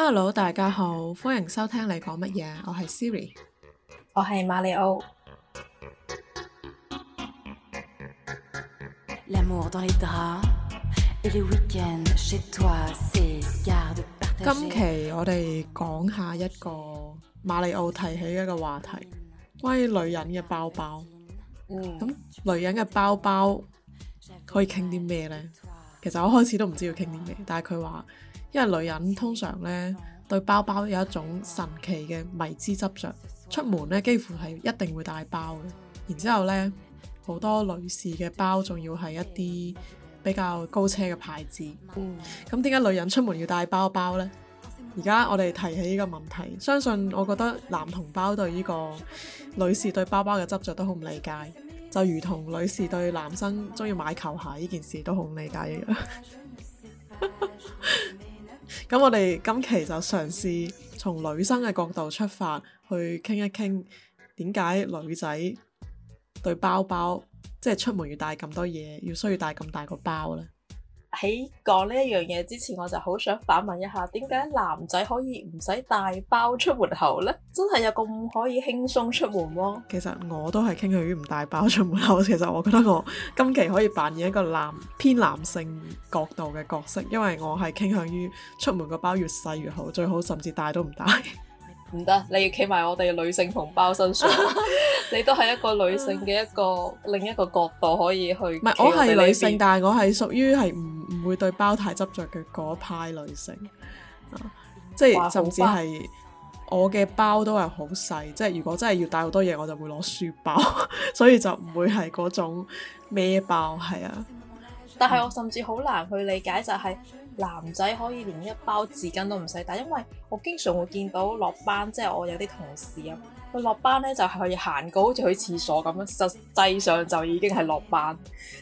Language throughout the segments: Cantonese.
Hello，大家好，歡迎收聽你講乜嘢，我係 Siri，我係瑪利奧。今期我哋講下一個瑪利奧提起一個話題，關於女人嘅包包。咁、嗯、女人嘅包包可以傾啲咩咧？其實我開始都唔知要傾啲咩，但係佢話。因為女人通常咧對包包有一種神奇嘅迷之執着，出門咧幾乎係一定會帶包嘅。然之後咧好多女士嘅包仲要係一啲比較高奢嘅牌子。嗯。咁點解女人出門要帶包包呢？而家我哋提起呢個問題，相信我覺得男同胞對呢個女士對包包嘅執着都好唔理解，就如同女士對男生中意買球鞋呢件事都好唔理解一樣。 咁我哋今期就嘗試從女生嘅角度出發，去傾一傾點解女仔對包包，即係出門要帶咁多嘢，要需要帶咁大個包呢？喺講呢一樣嘢之前，我就好想反問一下，點解男仔可以唔使帶包出門口呢？真係有咁可以輕鬆出門麼？其實我都係傾向於唔帶包出門口。其實我覺得我今期可以扮演一個男偏男性角度嘅角色，因為我係傾向於出門個包越細越好，最好甚至帶都唔帶。唔得，你要企埋我哋女性同胞身上， 你都係一個女性嘅一個 另一個角度可以去。唔係，我係女性，但係我係屬於係唔唔會對包太執着嘅嗰派女性。啊，即係甚至係我嘅包都係好細，即係如果真係要帶好多嘢，我就會攞書包， 所以就唔會係嗰種孭包係啊。但係我甚至好難去理解就係、是。男仔可以連一包紙巾都唔使帶，因為我經常會見到落班， 即係我有啲同事啊，佢落班咧就可以行過好似去廁所咁樣，實際上就已經係落班，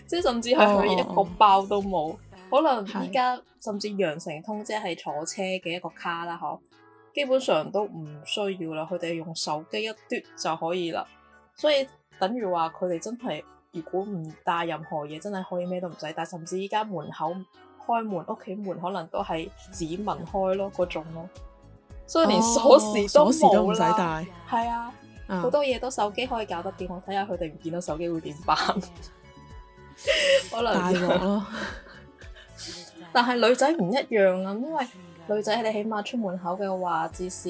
即係甚至係佢一個包都冇。 可能依家甚至羊城通即係坐車嘅一個卡啦，嗬，基本上都唔需要啦。佢哋用手機一嘟就可以啦，所以等於話佢哋真係如果唔帶任何嘢，真係可以咩都唔使帶，甚至依家門口。開門屋企門可能都係指紋開咯，嗰種咯，所以連鎖匙都冇啦。係啊，哦，鎖匙都唔使帶，嗯，好多嘢都手機可以搞得掂，我睇下佢哋唔見到手機會點辦， 可能大鑊咯。 但係女仔唔一樣啊，因為女仔你起碼出門口嘅話，至少。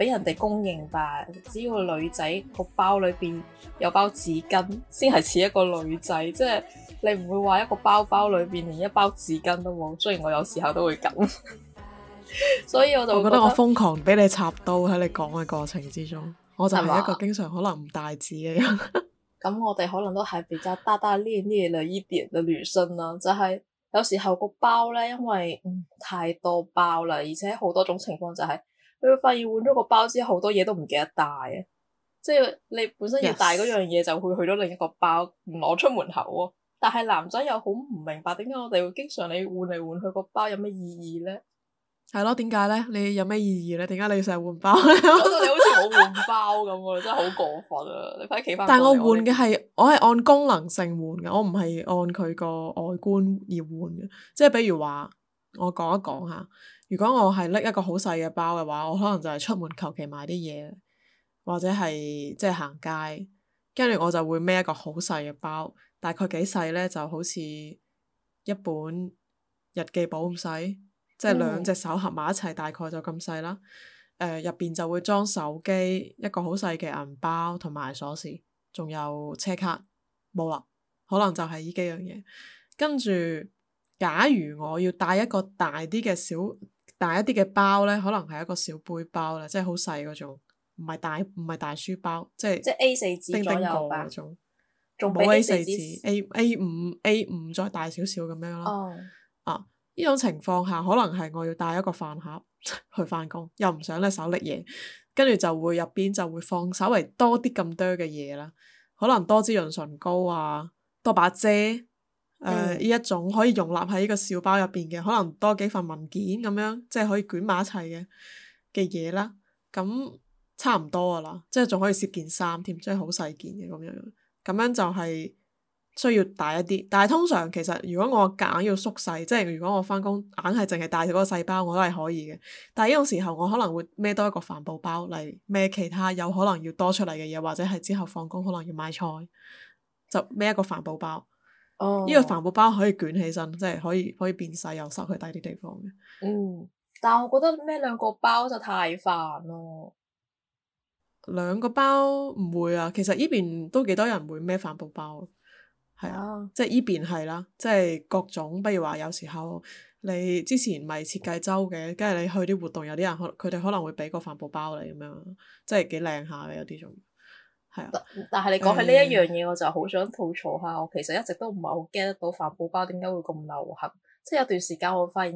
俾人哋公認吧，只要女仔個包裏邊有包紙巾，先係似一個女仔。即係你唔會話一個包包裏邊連一包紙巾都冇。雖然我有時候都會咁，所以我就覺得我瘋狂俾你插刀喺你講嘅過程之中， 我就係一個經常可能唔帶紙嘅人吧。咁 我哋可能都係比較大大咧咧了一啲嘅女生啦，就係、是、有時候個包咧，因為、嗯、太多包啦，而且好多種情況就係、是。你會發現換咗個包之後，好多嘢都唔記得帶啊！即係你本身要帶嗰樣嘢，就會去咗另一個包，唔攞出門口。但係男仔又好唔明白，點解我哋會經常你換嚟換去個包有咩意義咧？係咯？點解咧？你有咩意義咧？點解你成日換包咧？我覺得你好似我換包咁嘅， 真係好過分啊！你快啲企翻。但係我換嘅係，我係們按功能性換嘅，我唔係按佢個外觀而換嘅。即係比如話，我講一講吓。如果我係拎一個好細嘅包嘅話，我可能就係出門求其買啲嘢，或者係即係行街，跟住我就會孭一個好細嘅包，大概幾細呢？就好似一本日記簿咁細，即係兩隻手合埋一齊，大概就咁細啦。呃，入邊就會裝手機、一個好細嘅銀包同埋鎖匙，仲有車卡，冇啦，可能就係呢幾樣嘢。跟住，假如我要帶一個大啲嘅小。大一啲嘅包咧，可能係一個小背包啦，即係好細嗰種，唔係大唔係大書包，即係即係 A 四紙左右嗰種，冇 A 四紙 A, A A 五 A 五再大少少咁樣咯。Oh. 啊，呢種情況下可能係我要帶一個飯盒去翻工，又唔想搦手拎嘢，跟住就會入邊就會放稍微多啲咁多嘅嘢啦，可能多支潤唇膏啊，多把遮。誒呢、uh, 一種可以容納喺呢個小包入邊嘅，可能多幾份文件咁樣，即係可以捲埋一齊嘅嘅嘢啦。咁差唔多噶啦，即係仲可以攝件衫添，即係好細件嘅咁樣。咁樣就係需要大一啲。但係通常其實，如果我夾硬要縮細，即係如果我翻工硬係淨係帶住個細包，我都係可以嘅。但係呢種時候，我可能會孭多一個帆布包嚟孭其他有可能要多出嚟嘅嘢，或者係之後放工可能要買菜，就孭一個帆布包。哦、呢個帆布包可以捲起身，即係可以可以變細又塞佢低啲地方嘅。嗯，但係我覺得孭兩個包就太煩咯。兩個包唔會啊，其實呢邊都幾多人會孭帆布包，係啊，啊即係呢邊係啦，即係各種，比如話有時候你之前咪設計周嘅，跟住你去啲活動，有啲人佢佢哋可能會俾個帆布包你咁樣，即係幾靚下嘅有啲種。係啊，嗯、但係你講起呢一樣嘢，我就好想吐槽下。我其實一直都唔係好 get 到帆布包點解會咁流行。即係有段時間，我發現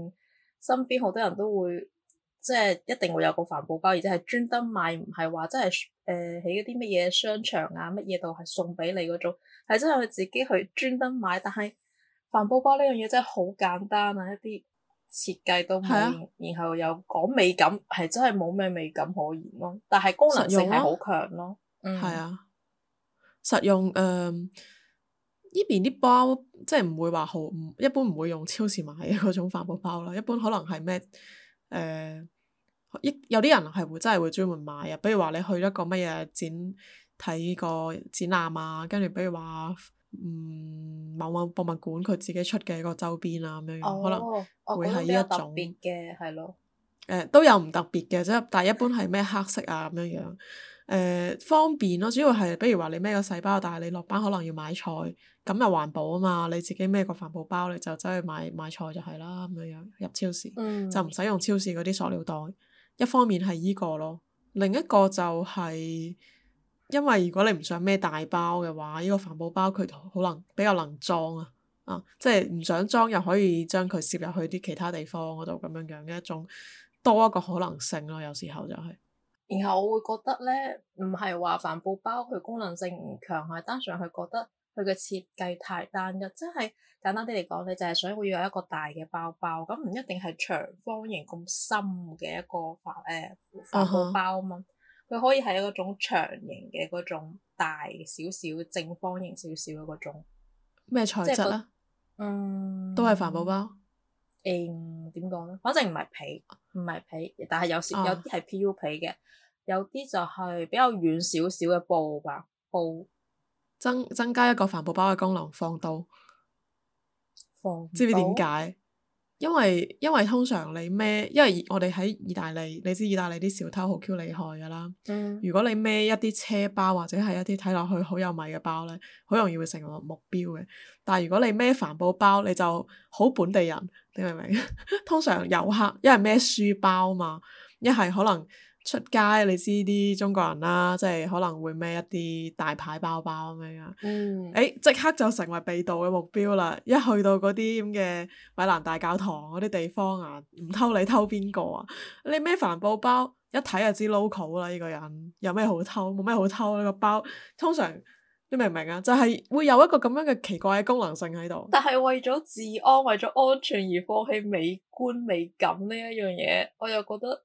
身邊好多人都會，即係一定會有個帆布包，而且係專登買，唔係話真係誒喺嗰啲乜嘢商場啊乜嘢度係送俾你嗰種，係真係自己去專登買。但係帆布包呢樣嘢真係好簡單啊，一啲設計都冇，的然後又講美感係真係冇咩美感可言咯。但係功能性係好強咯。係、嗯、啊，實用誒，呢邊啲包即係唔會話好，唔一般唔會用超市買嘅嗰種帆布包啦。一般可能係咩誒，有啲人係會真係會專門買啊。比如話你去一個乜嘢展睇個展覽啊，跟住比如話嗯某某博物館佢自己出嘅一個周邊啊咁樣樣，哦、可能會係呢一種嘅係咯。誒、呃，都有唔特別嘅，即係但係一般係咩黑色啊咁樣樣。誒、呃、方便咯，主要係，比如話你孭個細包，但係你落班可能要買菜，咁又環保啊嘛，你自己孭個帆布包，你就走去買買菜就係啦，咁樣樣入超市、嗯、就唔使用，用超市嗰啲塑料袋。一方面係依個咯，另一個就係、是、因為如果你唔想孭大包嘅話，呢、呢個帆布包佢可能比較能裝啊，啊，即係唔想裝又可以將佢攝入去啲其他地方嗰度咁樣樣嘅一種多一個可能性咯，有時候就係、是。然後我會覺得咧，唔係話帆布包佢功能性唔強，係單純佢覺得佢嘅設計太單一，即係簡單啲嚟講，你就係想會要有一個大嘅包包，咁唔一定係長方形咁深嘅一個帆誒帆,帆布包啊嘛，佢、啊、哈可以係嗰種長形嘅嗰種大少少正方形少少嘅嗰種咩材質咧？嗯，都係帆布包。嗯誒，點講咧？反正唔係皮，唔係皮，但係有時、啊、有啲係 PU 皮嘅，有啲就係比較軟少少嘅布吧。布增增加一個帆布包嘅功能，防盜，防盜，知唔知點解？因為因為通常你孭，因為我哋喺意大利，你知意大利啲小偷好 Q 厲害㗎啦。嗯、如果你孭一啲車包或者係一啲睇落去好有米嘅包呢，好容易會成為目標嘅。但係如果你孭帆布包，你就好本地人，你明唔明？ 通常遊客一係孭書包啊嘛，一係可能，出街你知啲中國人啦，即係可能會孭一啲大牌包包咩噶？誒、嗯、即刻就成為被盜嘅目標啦！一去到嗰啲咁嘅米蘭大教堂嗰啲地方啊，唔偷你偷邊個啊？你咩帆布包一睇就知 local 啦！呢個人有咩好偷？冇咩好偷呢、呢個包？通常你明唔明啊？就係、係、會有一個咁樣嘅奇怪嘅功能性喺度。但係為咗治安、為咗安全而放棄美觀、美感呢一樣嘢，我又覺得。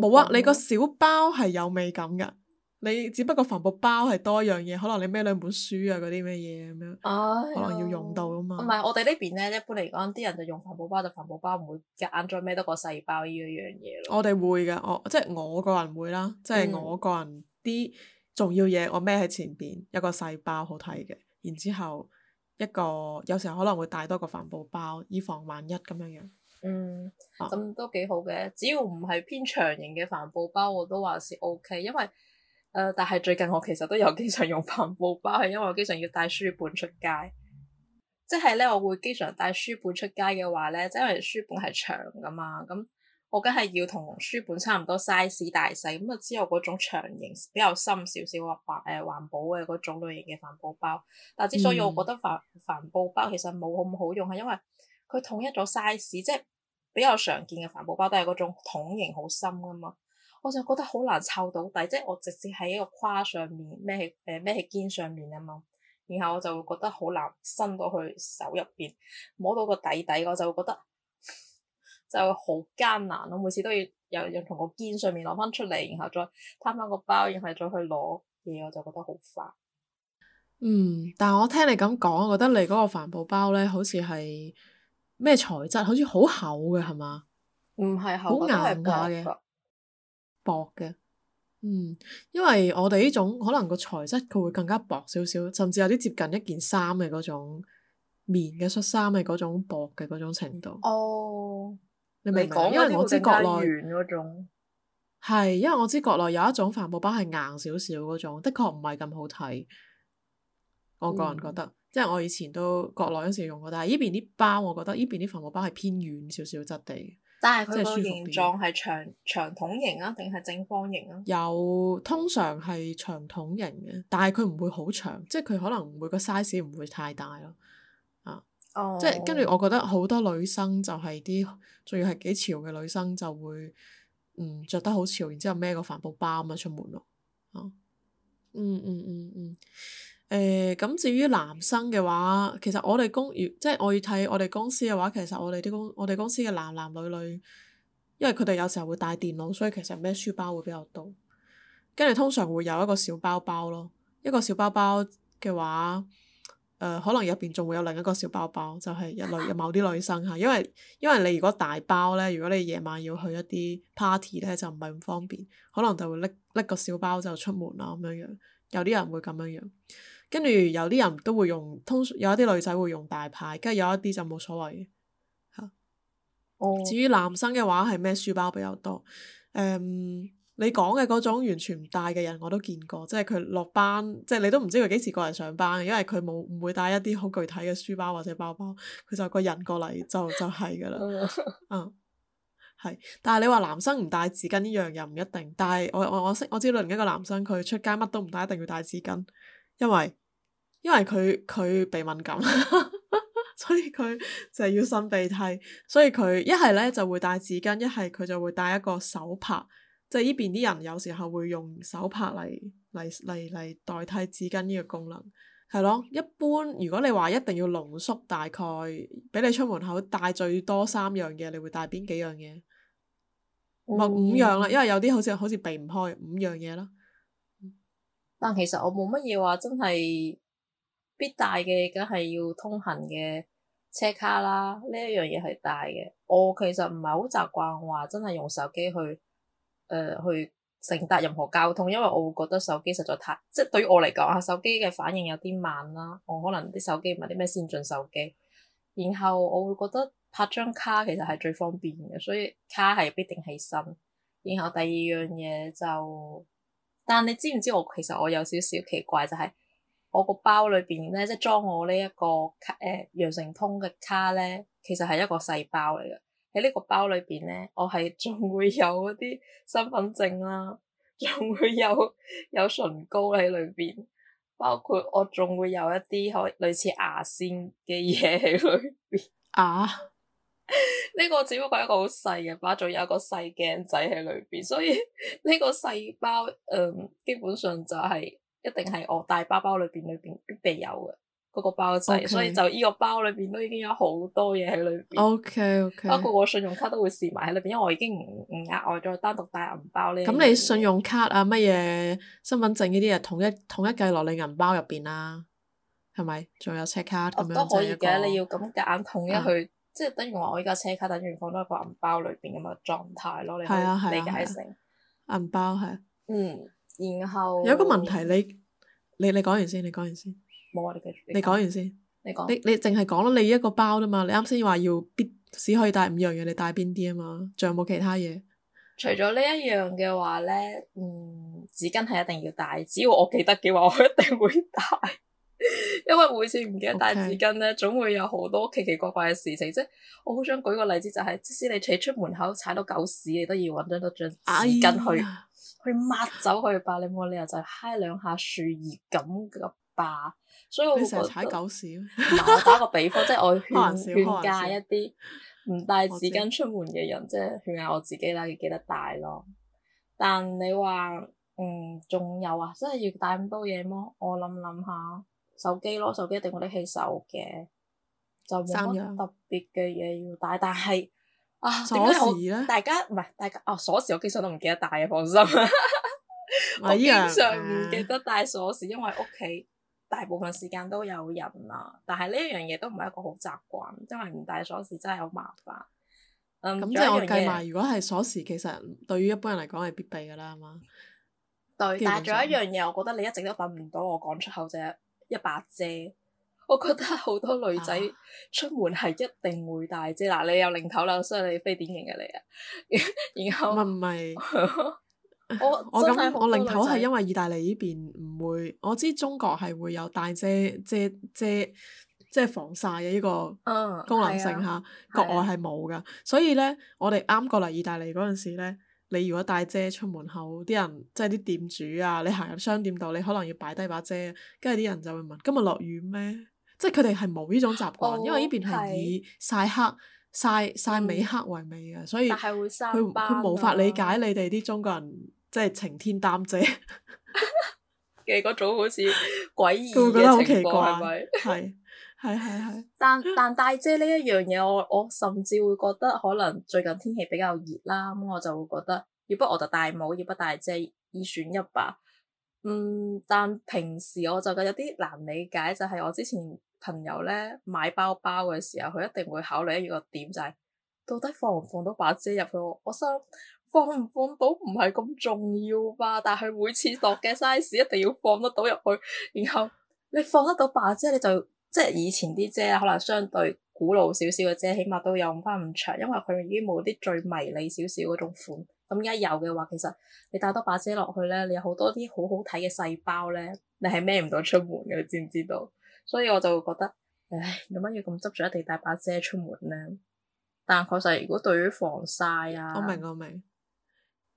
冇啊！你個小包係有美感噶，你只不過帆布包係多一樣嘢，可能你孭兩本書啊嗰啲咩嘢咁樣，啊、可能要用到啊嘛。唔係、啊啊、我哋呢邊咧，一般嚟講，啲人就用帆布包，就帆布包唔會夾硬再孭多個細包呢一樣嘢咯。我哋會嘅，我即係我個人會啦，即係我個人啲重要嘢我孭喺前邊、嗯、一個細包好睇嘅，然之後一個有時候可能會帶多個帆布包，以防萬一咁樣樣。嗯，咁、嗯、都幾好嘅，只要唔係偏長型嘅帆布包，我都話是 OK。因為誒、呃，但係最近我其實都有經常用帆布包，係因為我經常要帶書本出街，即係咧我會經常帶書本出街嘅話咧，即、就、係、是、書本係長噶嘛，咁我梗係要同書本差唔多 size 大細，咁就只有嗰種長型比較深少少或誒環保嘅嗰種類型嘅帆布包。但之所以我覺得帆、嗯、帆布包其實冇咁好用，係因為。佢統一咗 size，即係比較常見嘅帆布包都係嗰種桶型好深噶嘛，我就覺得好難湊到底，即係我直接喺一個跨上面孭喺，誒孭起肩上面啊嘛，然後我就會覺得好難伸到去手入邊摸到個底底，我就會覺得就好艱難咯。每次都要又又從個肩上面攞翻出嚟，然後再攤翻個包，然後再去攞嘢，我就覺得好煩。嗯，但係我聽你咁講，我覺得你嗰個帆布包咧，好似係～咩材質？好似好厚嘅係嘛？唔係厚，好硬下嘅，薄嘅。嗯，因為我哋呢種可能個材質佢會更加薄少少，甚至有啲接近一件衫嘅嗰種棉嘅恤衫嘅嗰種薄嘅嗰、嗯、種程度。哦，你明唔明？因為我知國內係，因為我知國內有一種帆布包係硬少少嗰種，的確唔係咁好睇。我個人覺得。嗯即係我以前都國內嗰時用過，但係依邊啲包，我覺得依邊啲帆布包係偏軟少少質地，但係佢個形狀係長長筒型啊，定係正方形啊？有通常係長筒型嘅，但係佢唔會好長，即係佢可能每個 size 唔會太大咯。啊，oh. 即係跟住我覺得好多女生就係啲仲要係幾潮嘅女生就會嗯著得好潮，然之後孭個帆布包咁啊出門咯。啊，嗯嗯嗯嗯。嗯嗯嗯誒咁、呃、至於男生嘅話，其實我哋公，即係我要睇我哋公司嘅話，其實我哋啲公，我哋公司嘅男男女女，因為佢哋有時候會帶電腦，所以其實孭書包會比較多，跟住通常會有一個小包包咯，一個小包包嘅話，誒、呃、可能入邊仲會有另一個小包包，就係、是、一類嘅某啲女生嚇，因為因為你如果大包咧，如果你夜晚要去一啲 party 咧，就唔係咁方便，可能就會拎拎個小包就出門啦咁樣樣，有啲人會咁樣樣。跟住有啲人都會用，通常有一啲女仔會用大牌，跟住有一啲就冇所謂嘅、oh. 至於男生嘅話係咩書包比較多？誒、um，你講嘅嗰種完全唔帶嘅人我都見過，即係佢落班，即係你都唔知佢幾時過嚟上班，因為佢冇唔會帶一啲好具體嘅書包或者包包，佢就個人過嚟就就係㗎啦。嗯。係，但係你話男生唔帶紙巾呢樣又唔一定。但係我我我識我知道另一個男生佢出街乜都唔帶，一定要帶紙巾。因為因為佢佢鼻敏感， 所以佢就係要擤鼻涕，所以佢一係咧就會帶紙巾，一係佢就會帶一個手帕，即係呢邊啲人有時候會用手帕嚟嚟嚟嚟代替紙巾呢個功能，係咯。一般如果你話一定要濃縮，大概俾你出門口帶最多三樣嘢，你會帶邊幾樣嘢？唔係、oh. 五樣啦，因為有啲好似好似避唔開五樣嘢啦。但其實我冇乜嘢話真係必帶嘅，梗係要通行嘅車卡啦。呢一樣嘢係帶嘅。我其實唔係好習慣話真係用手機去誒、呃、去乘搭任何交通，因為我會覺得手機實在太即係對於我嚟講啊，手機嘅反應有啲慢啦。我可能啲手機唔係啲咩先進手機。然後我會覺得拍張卡其實係最方便嘅，所以卡係必定起身。然後第二樣嘢就。但你知唔知我其實我有少少奇怪就係、是、我個包裏邊咧，即裝我、這個呃、呢一個誒羊城通嘅卡咧，其實係一個細包嚟嘅。喺呢個包裏邊咧，我係仲會有嗰啲身份證啦，仲會有有唇膏喺裏邊，包括我仲會有一啲可類似牙線嘅嘢喺裏邊。啊！呢 個只不過係一個好細嘅包，仲有一個細鏡仔喺裏邊，所以呢個細包，嗯，基本上就係一定係我大包包裏邊裏邊必有嘅嗰個包仔，Okay. 所以就呢個包裏邊都已經有好多嘢喺裏邊。O K O K。包括我信用卡都會試埋喺裏邊，因為我已經唔唔額外再單獨帶銀包咧。咁、嗯、你信用卡啊乜嘢身份證呢啲啊，統一統一計落你銀包入邊啦，係咪？仲有車卡咁樣。哦、啊，都可以嘅，你要咁夾硬統一去。啊即係等於話我依家車卡等於放喺一個銀包裏邊咁嘅狀態咯，你理解成銀、啊啊啊、包係。啊、嗯，然後有一個問題，你你你講完先，你講完先。冇啊，你繼續。你講完先。你講。你你淨係講咯，你一個包啫嘛，你啱先話要必只可以帶五樣嘢，你帶邊啲啊嘛？仲有冇其他嘢？除咗呢一樣嘅話咧，嗯，紙巾係一定要帶，只要我記得嘅話，我一定會帶。因為每次唔記得帶紙巾咧，總會有好多奇奇怪怪嘅事情。即係我好想舉個例子，就係、是、即使你扯出門口踩到狗屎，你都要搵張得張紙巾去去抹走佢吧。你冇理由就嗨兩下樹葉咁嘅吧。所以我會覺得踩狗屎。我打個比方， 即係我勸勸誡一啲唔帶紙巾出門嘅人，即係勸下我自己啦，要記得帶咯。但你話，嗯，仲有啊？真係要帶咁多嘢麼？我諗諗下。手機咯，手機一定我拎起手嘅，就冇乜特別嘅嘢要帶。但係啊，點解我鎖匙呢，大家唔係大家啊鎖匙，哦，鎖匙我經常都唔記得帶嘅，放心。哎、呀 我經常唔記得帶鎖匙，哎、呀因為屋企大部分時間都有人啦。但係呢一樣嘢都唔係一個好習慣，因為唔帶鎖匙真係好麻煩。咁即係我計埋，嗯嗯、如果係鎖匙，其實對於一般人嚟講係必備㗎啦，係嘛？對，本對，但係仲有一樣嘢，我覺得你一直都等唔到我講出口啫。一把遮，我覺得好多女仔出門係一定會帶遮。嗱、啊，你有零頭啦，所以你非典型嘅你啊。然後唔係唔係， 我我咁我零頭係因為意大利呢邊唔會，我知中國係會有帶遮遮遮，即係防曬嘅呢個功能性嚇，嗯啊、國外係冇噶。啊、所以咧，我哋啱過嚟意大利嗰陣時咧。你如果帶遮出門口，啲人即係啲店主啊，你行入商店度，你可能要擺低把遮，跟住啲人就會問：今日落雨咩？即係佢哋係冇呢種習慣，哦、因為呢邊係以曬黑是曬曬美黑為美嘅，所以佢佢無法理解你哋啲中國人即係晴天擔遮嘅嗰種好似佢詭異嘅情況，係。 係係係，但但戴遮呢一樣嘢，我我甚至會覺得可能最近天氣比較熱啦，咁我就會覺得，要不我就戴帽，要不戴遮，二選一吧。嗯，但平時我就覺得有啲難理解，就係我之前朋友咧買包包嘅時候，佢一定會考慮一個點，就係到底放唔放到把遮入去。我我心諗放唔放到唔係咁重要吧，但係每次落嘅 size 一定要放得到入去，然後你放得到把遮你就。即係以前啲遮可能相對古老少少嘅遮，起碼都有翻唔長，因為佢已經冇啲最迷你少少嗰種款。咁而家有嘅話，其實你帶多把遮落去咧，你有多好多啲好好睇嘅細包咧，你係孭唔到出門嘅，你知唔知道？所以我就會覺得，唉，有乜要咁執著一定要帶把遮出門咧？但確實，如果對於防曬啊，我明我明，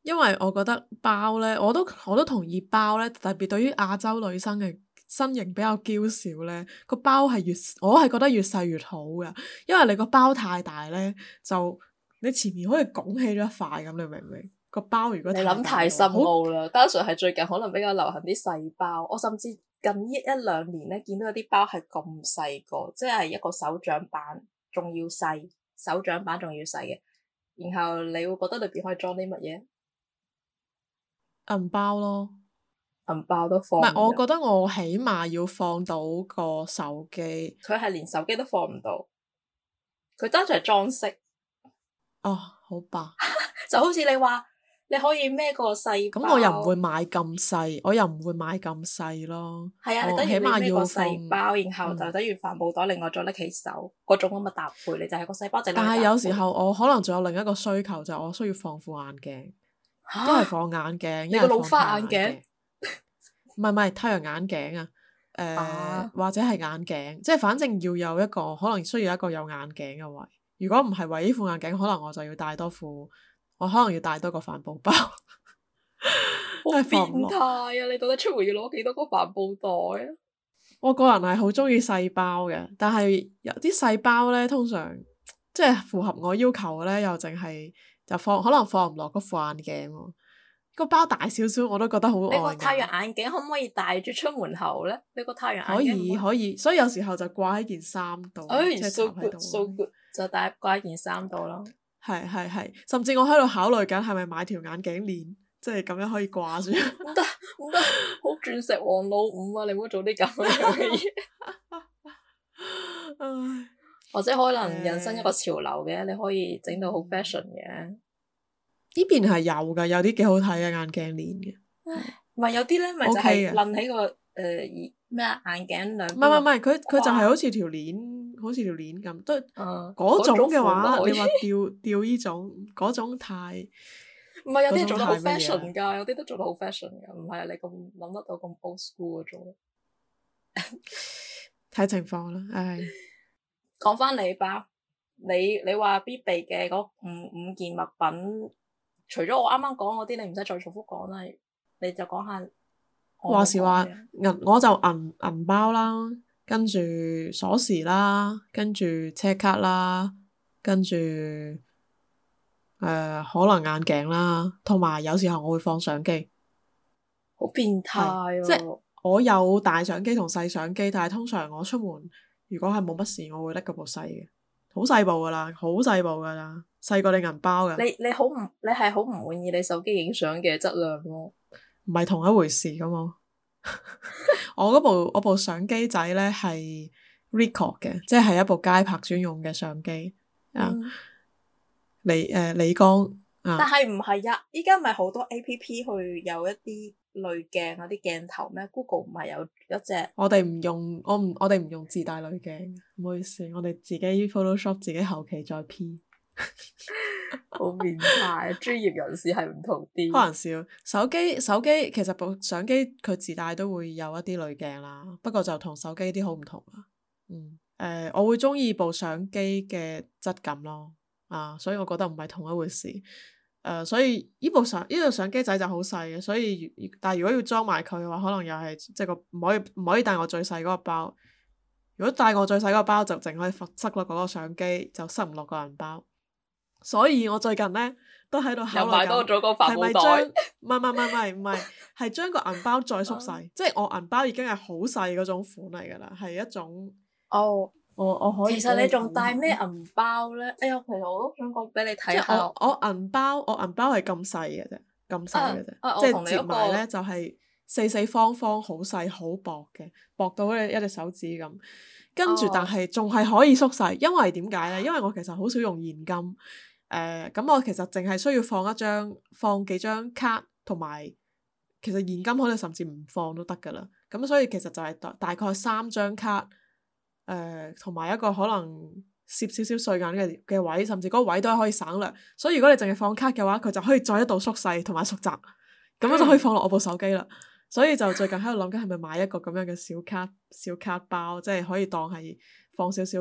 因為我覺得包咧，我都我都同意包咧，特別對於亞洲女生嘅。身形比較嬌小咧，個包係越，我係覺得越細越好嘅，因為你個包太大咧，就你前面好似拱起咗一塊咁，你明唔明？個包如果你諗太深奧啦，單純係最近可能比較流行啲細包，我甚至近一,一兩年咧見到有啲包係咁細個，即係一個手掌版仲要細，手掌版仲要細嘅，然後你會覺得裏邊可以裝啲乜嘢？銀包咯。銀包都放唔係，我覺得我起碼要放到個手機。佢係連手機都放唔到，佢單純係裝飾。哦，好吧， 就好似你話，你可以孭個細咁，我又唔會買咁細，我又唔會買咁細咯。係啊，你起碼要個細包，嗯、然後就等於帆布袋，另外再拎起手嗰，嗯、種咁嘅搭配，你就係個細包仔。但係有時候我可能仲有另一個需求，就係，我需要放副眼鏡，啊、都係放眼鏡，一個老花眼鏡。 唔係唔係，太陽眼鏡啊，誒、呃啊、或者係眼鏡，即係反正要有一個可能需要一個有眼鏡嘅位。如果唔係為呢副眼鏡，可能我就要帶多副，我可能要帶多個帆布包。 好變態啊！你到底出門要攞幾多個帆布袋啊？我個人係好中意細包嘅，但係有啲細包咧，通常即係符合我要求嘅咧，又淨係就放，可能放唔落嗰副眼鏡喎、啊。個包大少少，我都覺得好可愛。你個太陽眼鏡可唔可以戴住出門口咧？你個太陽眼鏡可以可以，可以，所以有時候就掛喺件衫度，即係攬就戴掛喺件衫度咯。係係係，甚至我喺度考慮緊，係咪買條眼鏡鏈，即係咁樣可以掛住。唔得唔得好，鑽石王老五啊！你唔好做啲咁樣嘅嘢。唉，或者可能人生一個潮流嘅，你可以整到好 fashion 嘅。呢邊係有噶，有啲幾好睇嘅眼鏡鏈嘅，唔係唉、嗯、有啲咧，咪、okay、的就係拎起個誒咩、呃、眼鏡兩，唔係唔係唔係，佢佢哇就係好似條鏈，好似條鏈咁，都嗰、嗯、種嘅話，嗯、可以你話吊吊呢種，嗰種太，唔係有啲做得好 fashion 噶，麼有啲都做得好 fashion 噶，唔係你咁諗得到咁 old school 嗰種，睇 情況啦，唉，講翻你吧，你你話必備嘅嗰五五,五件物品。除咗我啱啱講嗰啲，你唔使再重複講啦，你就講下話時話銀，我就銀銀包啦，跟住鎖匙啦，跟住車卡啦，跟住誒、呃、可能眼鏡啦，同埋有，有時候我會放相機，好變態，啊。即係我有大相機同細相機，但係通常我出門如果係冇乜事，我會拎嗰部細嘅，好細部噶啦，好細部噶啦。細個你銀包嘅，你好你好唔你係好唔滿意你手機影相嘅質量咯？唔係同一回事噶嘛？ 我部我部相機仔咧係 r e c o 嘅，即係一部街拍專用嘅相機啊。你誒，你講，但係唔係啊？依家咪好多 A P P 去有一啲濾鏡嗰啲鏡頭咩？Google 唔係有一隻？我哋唔用我唔我哋唔用自帶濾鏡，唔好意思，我哋自己 Photoshop 自己後期再 P。好變態，專 業人士係唔同啲。開玩笑， 手機手機其實部相機佢自帶都會有一啲濾鏡啦，不過就同手機啲好唔同啊。嗯，呃、我會中意部相機嘅質感咯。啊，所以我覺得唔係同一回事。誒、呃，所以呢部相呢部相機仔就好細嘅，所以但係如果要裝埋佢嘅話，可能又係即係個唔可以唔可以帶我最細嗰個包。如果帶我最細個包，就淨可以塞落嗰個相機，就塞唔落個銀包。所以我最近咧都喺度考慮咁，又買多咗個飯盒袋。係咪將唔係唔係唔係唔係，係將個銀包再縮細。即係 我銀包已經係好細嗰種款嚟噶啦，係一種。哦，我我可以。其實你仲帶咩銀包咧？哎喲，其實我都想講俾你睇下。我銀包，我銀包係咁細嘅啫，咁細嘅啫。啊、即係折埋咧就係四四方方，好細好薄嘅，薄到一一隻手指咁。跟住。啊、但係仲係可以縮細，因為點解咧？因為我其實好少用現金。誒咁，呃、我其實淨係需要放一張放幾張卡，同埋其實現金可能甚至唔放都得噶啦。咁所以其實就係大大概三張卡，同、呃、埋一個可能攝少少碎銀嘅嘅位，甚至嗰個位都係可以省略。所以如果你淨係放卡嘅話，佢就可以再一度縮細同埋縮窄，咁樣就可以放落我部手機啦。所以就最近喺度諗緊，係咪買一個咁樣嘅小卡小卡包，即係可以當係放少少。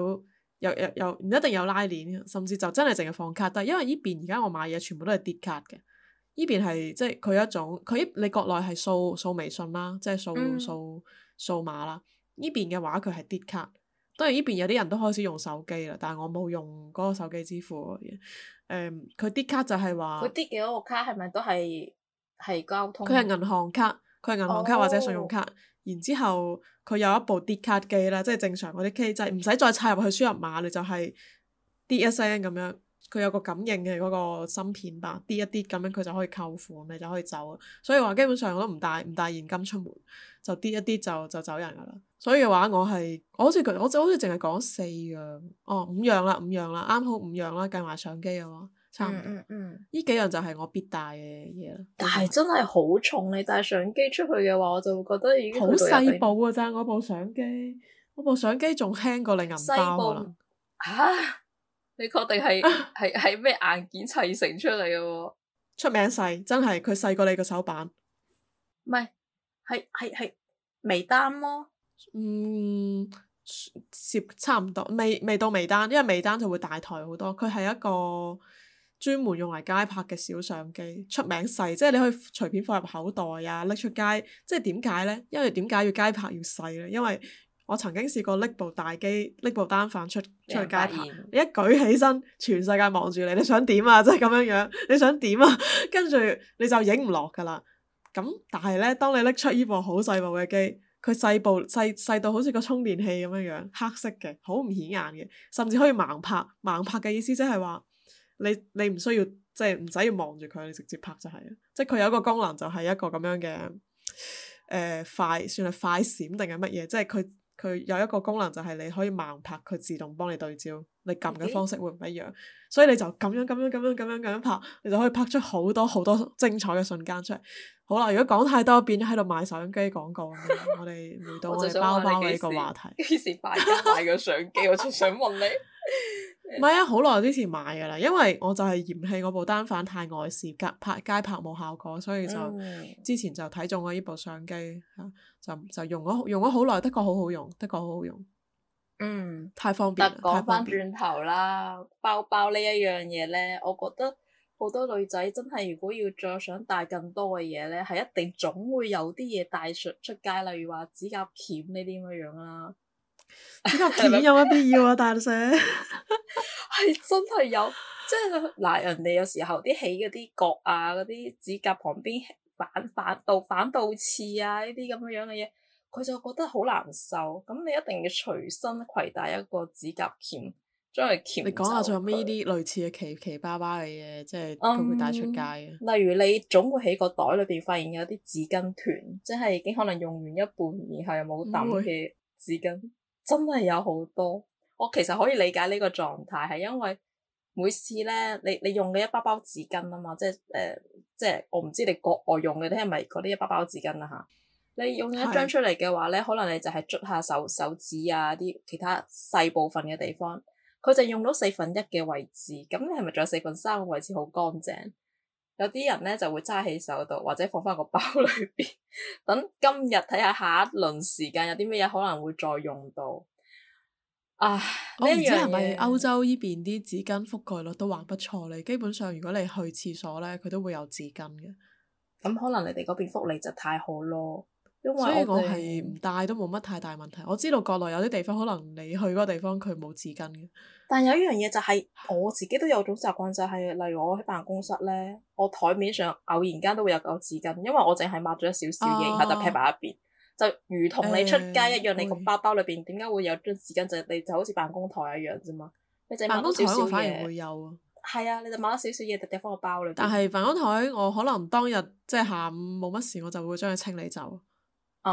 又有有唔一定有拉鏈，甚至就真係淨係放卡但得，因為呢邊而家我買嘢全部都係跌卡嘅。呢邊係即係佢一種，佢你國內係掃掃微信啦，即係掃掃掃碼啦。呢邊嘅話佢係跌卡，當然呢邊有啲人都開始用手機啦，但係我冇用嗰個手機支付。佢、嗯、跌卡就係話，佢跌幾多個卡係咪都係係交通？佢係銀行卡，佢係銀行卡或者信用卡。Oh. 然之後，佢有一部啲卡機啦，即係正常嗰啲機，即係唔使再插入去輸入碼，你就係 d 一聲咁樣。佢有個感應嘅嗰個芯片吧，d 一啲咁樣，佢就可以扣款，你就可以走。所以話基本上我都唔帶唔帶現金出門，就 d 一啲就就走人噶啦。所以嘅話我，我係我好似佢，我就好似淨係講四樣，哦五樣啦，五樣啦，啱好五樣啦，計埋相機嘅話。嗯嗯嗯，呢幾樣就係我必帶嘅嘢啦。但係真係好重，你帶相機出去嘅話，我就會覺得已經好細部啊！咋我部相機，我部相機仲輕過你銀包啦吓？你確定係係係咩硬件砌成出嚟嘅？出名細真係，佢細過你個手板，唔係，係係微單咯。嗯攝差唔多，未未到微單，因為微單就會大台好多，佢係一個。專門用嚟街拍嘅小相機，出名細，即係你可以隨便放入口袋啊，拎出街。即係點解呢？因為點解要街拍要細呢？因為我曾經試過拎部大機，拎部單反出出去街拍，你一舉起身，全世界望住你，你想點啊？即係咁樣樣，你想點啊？跟 住你就影唔落噶啦。咁但係呢，當你拎出依部好細部嘅機，佢細部細細到好似個充電器咁樣樣，黑色嘅，好唔顯眼嘅，甚至可以盲拍。盲拍嘅意思即係話。你你唔需要即係唔使要望住佢，你直接拍就係。即係佢有一個功能就係一個咁樣嘅誒、呃、快，算係快閃定係乜嘢？即係佢佢有一個功能就係你可以盲拍，佢自動幫你對焦。你撳嘅方式會唔一樣？嗯、所以你就咁樣咁樣咁樣咁樣咁樣拍，你就可以拍出好多好多精彩嘅瞬間出嚟。好啦，如果講太多變咗喺度賣相機廣告， 我哋回到我哋包包呢個話題。幾 時,時買架買架相機？我仲想問你。 唔係啊，好耐之前買噶啦，因為我就係嫌棄我部單反太礙事，隔拍街拍冇效果，所以就之前就睇中我呢部相機嚇，就、嗯、就用咗用咗好耐，的確好好用，的確好好用。嗯，太方便。講翻轉頭啦，包包呢一樣嘢咧，我覺得好多女仔真係如果要再想帶更多嘅嘢咧，係一定總會有啲嘢帶出街，例如話指甲鉗呢啲咁樣啦。指甲鉗有乜必要啊？大細係 真係有，即係嗱，人哋有時候啲起嗰啲角啊，嗰啲指甲旁邊反反倒反倒刺啊呢啲咁樣樣嘅嘢，佢就覺得好難受。咁你一定要隨身携帶一個指甲鉗，將佢鉗。你講下仲有咩呢啲類似嘅奇奇巴巴嘅嘢，即係都會帶出街嘅、嗯。例如你總會喺個袋裏邊發現有啲紙巾團，即係已經可能用完一半，然後又冇抌嘅紙巾。嗯真係有好多，我其實可以理解呢個狀態，係因為每次咧，你你用嘅一、呃、一包包紙巾啊嘛，即係誒，即係我唔知你國外用嘅啲係咪嗰啲一包包紙巾啊吓？你用一張出嚟嘅話咧，是可能你就係捽下手手指啊啲其他細部分嘅地方，佢就用到四分一嘅位置，咁你係咪仲有四分三嘅位置好乾淨？有啲人咧就會揸起手度，或者放翻個包裏邊，等今日睇下下一輪時間有啲咩嘢可能會再用到。啊，我唔知係咪歐洲依邊啲紙巾覆蓋率都還不錯咧。基本上如果你去廁所咧，佢都會有紙巾嘅。咁可能你哋嗰邊福利就太好咯。因為所以我係唔帶都冇乜太大問題。我知道國內有啲地方可能你去嗰個地方佢冇紙巾嘅，但有一樣嘢就係、是、我自己都有種習慣，就係、是、例如我喺辦公室咧，我台面上偶然間都會有嚿紙巾，因為我淨係抹咗一少少嘢，啊、然後就撇埋一邊，就如同你出街一樣，呃、你個包包裏邊點解會有張紙巾？會就你就好似辦公台一樣啫嘛，你淨抹少少嘢，辦公台反而會有，啊。係啊，你就抹咗少少嘢，就掉翻個包裏。但係辦公台我可能當日即係下午冇乜事，我就會將佢清理走。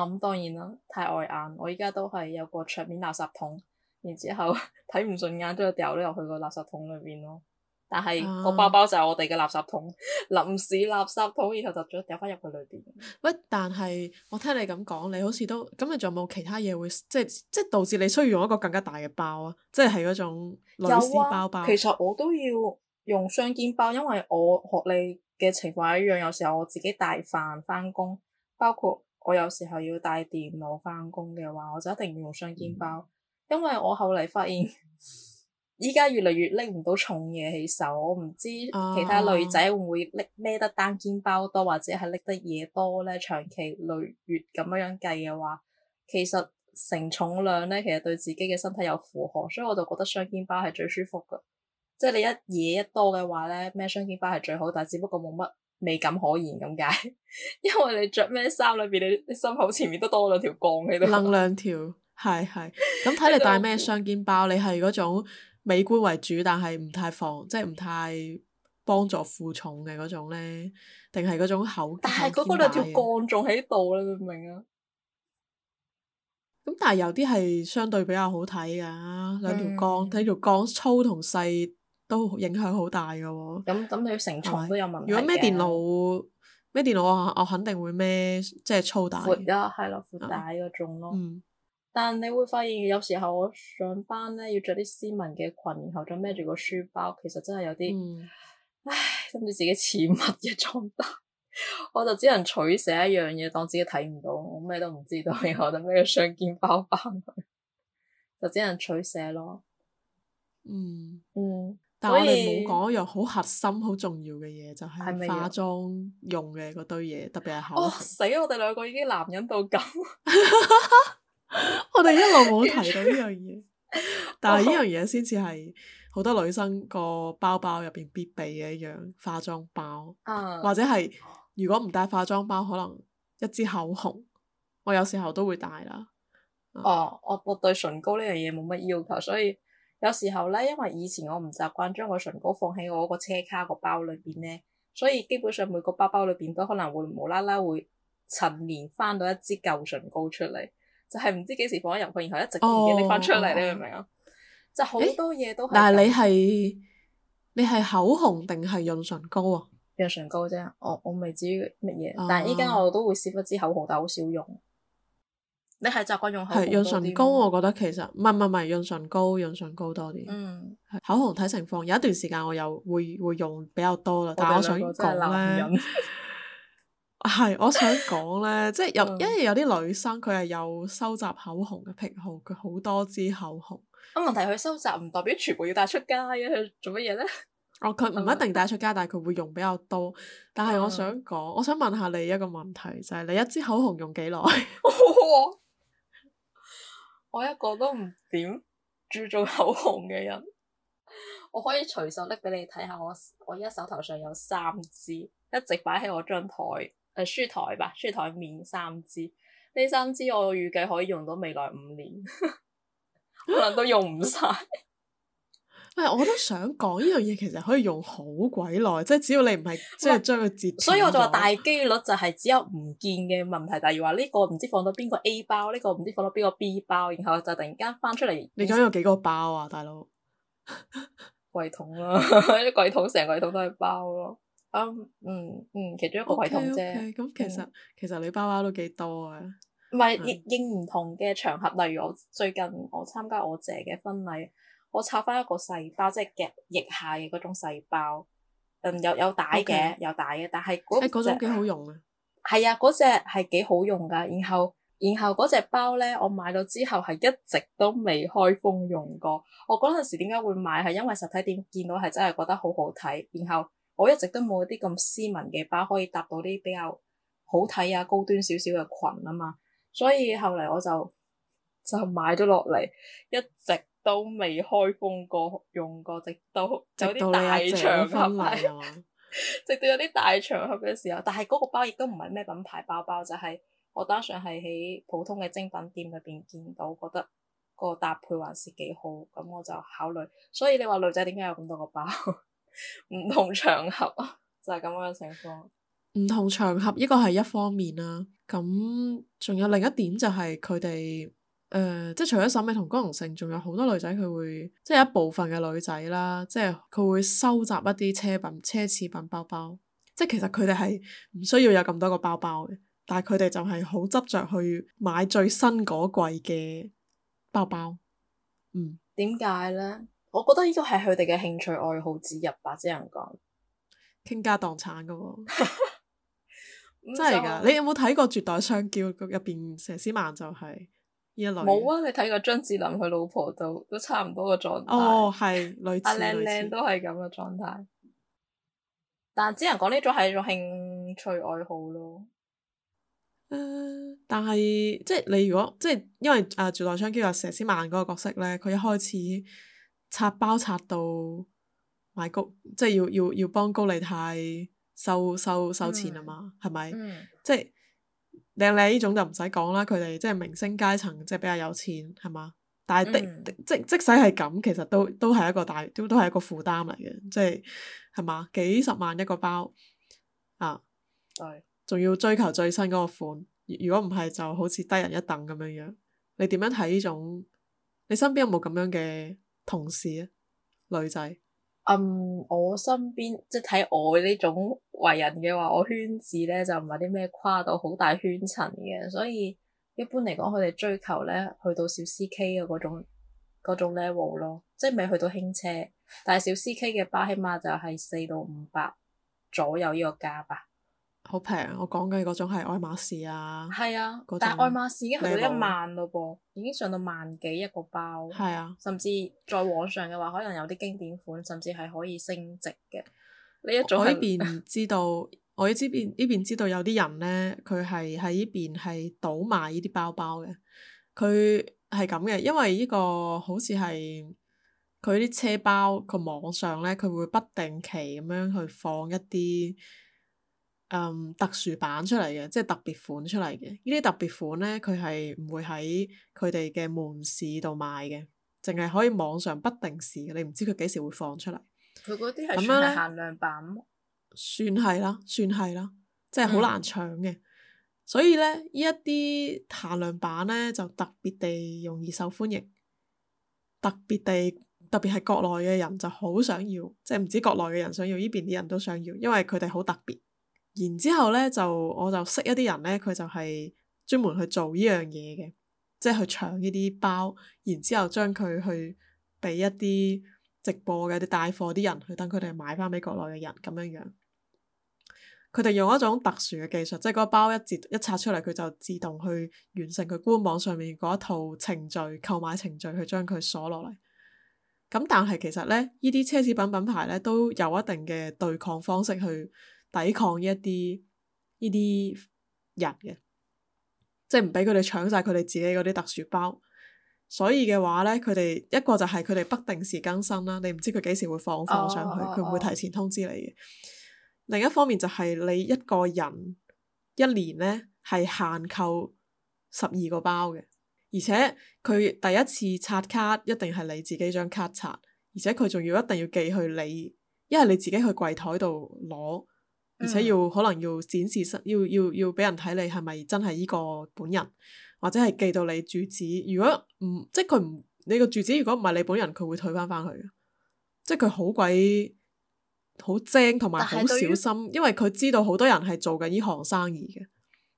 咁、嗯、當然啦，太礙眼。我依家都係有個桌面垃圾桶，然之後睇唔順眼都係掉咗入去個垃圾桶裏邊咯。但係個、啊、包包就係我哋嘅垃圾桶，臨時垃圾桶，然後就再掉翻入去裏邊。喂，但係我聽你咁講，你好似都咁，你仲有冇其他嘢會即係即係導致你需要用一個更加大嘅包啊？即係係嗰種女士包包。啊、其實我都要用雙肩包，因為我學你嘅情況一樣，有時候我自己帶飯翻工，包括。我有時候要帶電腦翻工嘅話，我就一定要用雙肩包，嗯、因為我後嚟發現，依家越嚟越拎唔到重嘢起手。我唔知其他女仔會唔會拎咩得單肩包多，或者係拎得嘢多咧。長期累月咁樣樣計嘅話，其實成重量咧，其實對自己嘅身體有負荷，所以我就覺得雙肩包係最舒服嘅。即係你一嘢一多嘅話咧，咩雙肩包係最好，但係只不過冇乜，美感可言咁解，因為你着咩衫裏邊，你心口前面都多咗兩條鋼喺度。兩兩條，係係。咁睇你帶咩雙肩包？ 你係嗰種美觀為主，但係唔太防，即係唔太幫助負重嘅嗰種咧，定係嗰種厚？但係嗰個兩條鋼仲喺度你明唔明啊？咁但係有啲係相對比較好睇噶，兩條鋼睇、嗯、條鋼粗同細。都影響好大噶喎，哦。咁咁你要承重都有問題。如果孭電腦，孭電腦我肯定會孭即係粗帶。闊啦，係咯，闊帶嗰種咯。嗯、但你會發現有時候我上班咧要着啲斯文嘅裙，然後再孭住個書包，其實真係有啲，嗯、唉，甚至自己似乜嘅狀態。 我就只能取捨一樣嘢，當自己睇唔到，我咩都唔知道，然後就孭雙肩包翻去， 就只能取捨咯。嗯嗯。嗯但我哋冇講一樣好核心、好重要嘅嘢，就係、是、化妝用嘅嗰堆嘢，特別係口紅。哇、哦！死！我哋兩個已經男人到咁， 我哋一路冇提到呢樣嘢。 但係呢樣嘢先至係好多女生個包包入邊必備嘅一樣化妝包。啊、或者係如果唔帶化妝包，可能一支口紅，我有時候都會帶啦。啊、哦，我我對唇膏呢樣嘢冇乜要求，所以。有時候咧，因為以前我唔習慣將個唇膏放喺我個車卡個包裏邊咧，所以基本上每個包包裏邊都可能會無啦啦會陳年翻到一支舊唇膏出嚟，就係唔知幾時放咗入去，然後一直唔見拎翻出嚟，你明唔明啊？就好多嘢都係。但係你係你係口紅定係潤唇膏啊？潤唇膏啫，我我未知乜嘢，但係依家我都會試一支口紅，但好少用。你係習慣用係潤唇膏，我覺得其實唔係唔係潤唇膏，潤唇膏多啲。嗯，口紅睇情況，有一段時間我又會會用比較多啦。但哋我想講呢，真係男人。係 我想講咧，即係有，因為有啲女生佢係有收集口紅嘅癖好，佢好多支口紅。啊，問題佢收集唔代表全部要帶出街啊？佢做乜嘢咧？哦，佢唔一定帶出街，但係佢會用比較多。但係我想講，啊、我想問下你一個問題，就係、係、你一支口紅用幾耐？ 我一個都唔點注重口紅嘅人，我可以隨手拎俾你睇下，我我而家手頭上有三支，一直擺喺我張台誒、呃、書台吧，書台面三支，呢三支我預計可以用到未來五年， 可能都用唔晒。唔，我都想講呢樣嘢，其實可以用好鬼耐，即係只要你唔係即係將佢接。所以我就話大機率，率就係只有唔見嘅問題，例如話呢個唔知放到邊個 A 包，呢、呢個唔知放到邊個 B 包，然後就突然間翻出嚟。你究竟有幾個包啊，大佬？櫃 桶咯、啊，啲櫃桶成個櫃桶都係包咯、啊。啱、um, 嗯，嗯嗯，其中一個櫃桶啫。咁、okay, okay, 其實、嗯、其實你包包都幾多啊？唔係應唔同嘅場合，例如我最近我參加我姐嘅婚禮。我拆翻一個細包，即係夾腋下嘅嗰種細包，嗯，有 Okay. 有帶嘅，有大嘅，但係嗰隻幾好用啊！係啊，嗰隻係幾好用噶。然後然後嗰隻包咧，我買咗之後係一直都未開封用過。我嗰陣時點解會買？係因為實體店見到係真係覺得好好睇。然後我一直都冇啲咁斯文嘅包可以搭到啲比較好睇啊高端少少嘅裙啊嘛。所以後嚟我就就買咗落嚟，一直。都未開封過，用過，直到有啲大場合，直到， 直到有啲大場合嘅時候，但係嗰個包亦都唔係咩品牌包包，就係、是、我單純係喺普通嘅精品店入邊見到，覺得個搭配還是幾好，咁我就考慮。所以你話女仔點解有咁多個包？唔 同、就是、同場合就係咁樣情況。唔同場合呢個係一方面啦、啊，咁仲有另一點就係佢哋。誒、呃，即係除咗審美同功能性，仲有好多女仔佢會，即係一部分嘅女仔啦，即係佢會收集一啲奢品、奢侈品包包。即係其實佢哋係唔需要有咁多個包包嘅，但係佢哋就係好執着去買最新嗰季嘅包包。嗯，點解咧？我覺得呢個係佢哋嘅興趣愛好之一吧，只能講傾家蕩產噶、哦、 真係噶！ 你有冇睇過絕代商驕？入邊佘詩曼就係、是。冇啊！你睇過張智霖佢老婆都都差唔多個狀態，哦。哦，係類似靚靚都係咁嘅狀態。但只能講呢種係一種興趣愛好咯。呃、但係即係你如果即係因為阿徐若瑄叫阿佘詩曼嗰個角色咧，佢一開始拆包拆到賣高，即係要要要幫高利貸收收收，收錢啊嘛，係咪？即係。靚靚呢種就唔使講啦，佢哋即係明星階層，即係比較有錢，係嘛？但係的、嗯、即即使係咁，其實都都係一個大都都係一個負擔嚟嘅，即係係嘛？幾十萬一個包啊，仲對要追求最新嗰個款，如果唔係就好似低人一等咁樣樣。你點樣睇呢種？你身邊有冇咁樣嘅同事啊？女仔？嗯，um, 我身邊即係睇我呢種為人嘅話，我圈子咧就唔係啲咩跨到好大圈層嘅，所以一般嚟講，佢哋追求咧去到小 CK 嘅種種 level 咯，即係未去到輕奢，但係小 CK 嘅巴，巴起碼就係四到五百左右呢個價吧。好平，我講嘅嗰種係愛馬仕啊，係啊，種但係愛馬仕已經去到一萬咯噃，已經上到萬幾一個包，係啊，甚至再往上嘅話，可能有啲經典款，甚至係可以升值嘅。呢 一種 我呢邊知道，我呢邊呢邊知道有啲人咧，佢係喺呢邊係倒賣呢啲包包嘅。佢係咁嘅，因為呢個好似係佢啲車包個網上咧，佢會不定期咁樣去放一啲。嗯，特殊版出嚟嘅，即係特別款出嚟嘅。別呢啲特別款咧，佢係唔會喺佢哋嘅門市度賣嘅，淨係可以網上不定時，你唔知佢幾時會放出嚟。佢嗰啲係算係限量版，算係啦，算係啦，即係好難搶嘅。嗯，所以咧，呢一啲限量版咧，就特別地容易受歡迎，特別地，特別係國內嘅人就好想要，即係唔止國內嘅人想要，呢邊啲人都想要，因為佢哋好特別。然之後咧，就我就識一啲人咧，佢就係專門去做呢樣嘢嘅，即係去搶呢啲包，然之後將佢去俾一啲直播嘅啲帶貨啲人去，等佢哋買翻俾國內嘅人咁樣樣。佢哋用一種特殊嘅技術，即係嗰包一截一拆出嚟，佢就自動去完成佢官網上面嗰一套程序購買程序去將佢鎖落嚟。咁但係其實咧，呢啲奢侈品品牌咧都有一定嘅對抗方式去。抵抗一啲呢啲人嘅，即係唔俾佢哋搶晒佢哋自己嗰啲特殊包。所以嘅話呢，佢哋一個就係佢哋不定時更新啦。你唔知佢幾時會放貨上去，佢唔、oh, oh, oh. 會提前通知你嘅。另一方面就係你一個人一年呢係限購十二個包嘅，而且佢第一次刷卡一定係你自己張卡刷，而且佢仲要一定要寄去你，一係你自己去櫃台度攞。而且要可能要展示身，要要要俾人睇你係咪真係依個本人，或者係寄到你住址。如果唔即係佢唔你個住址，如果唔係你本人，佢會退翻翻去。即係佢好鬼好精，同埋好小心，因為佢知道好多人係做緊呢行生意嘅，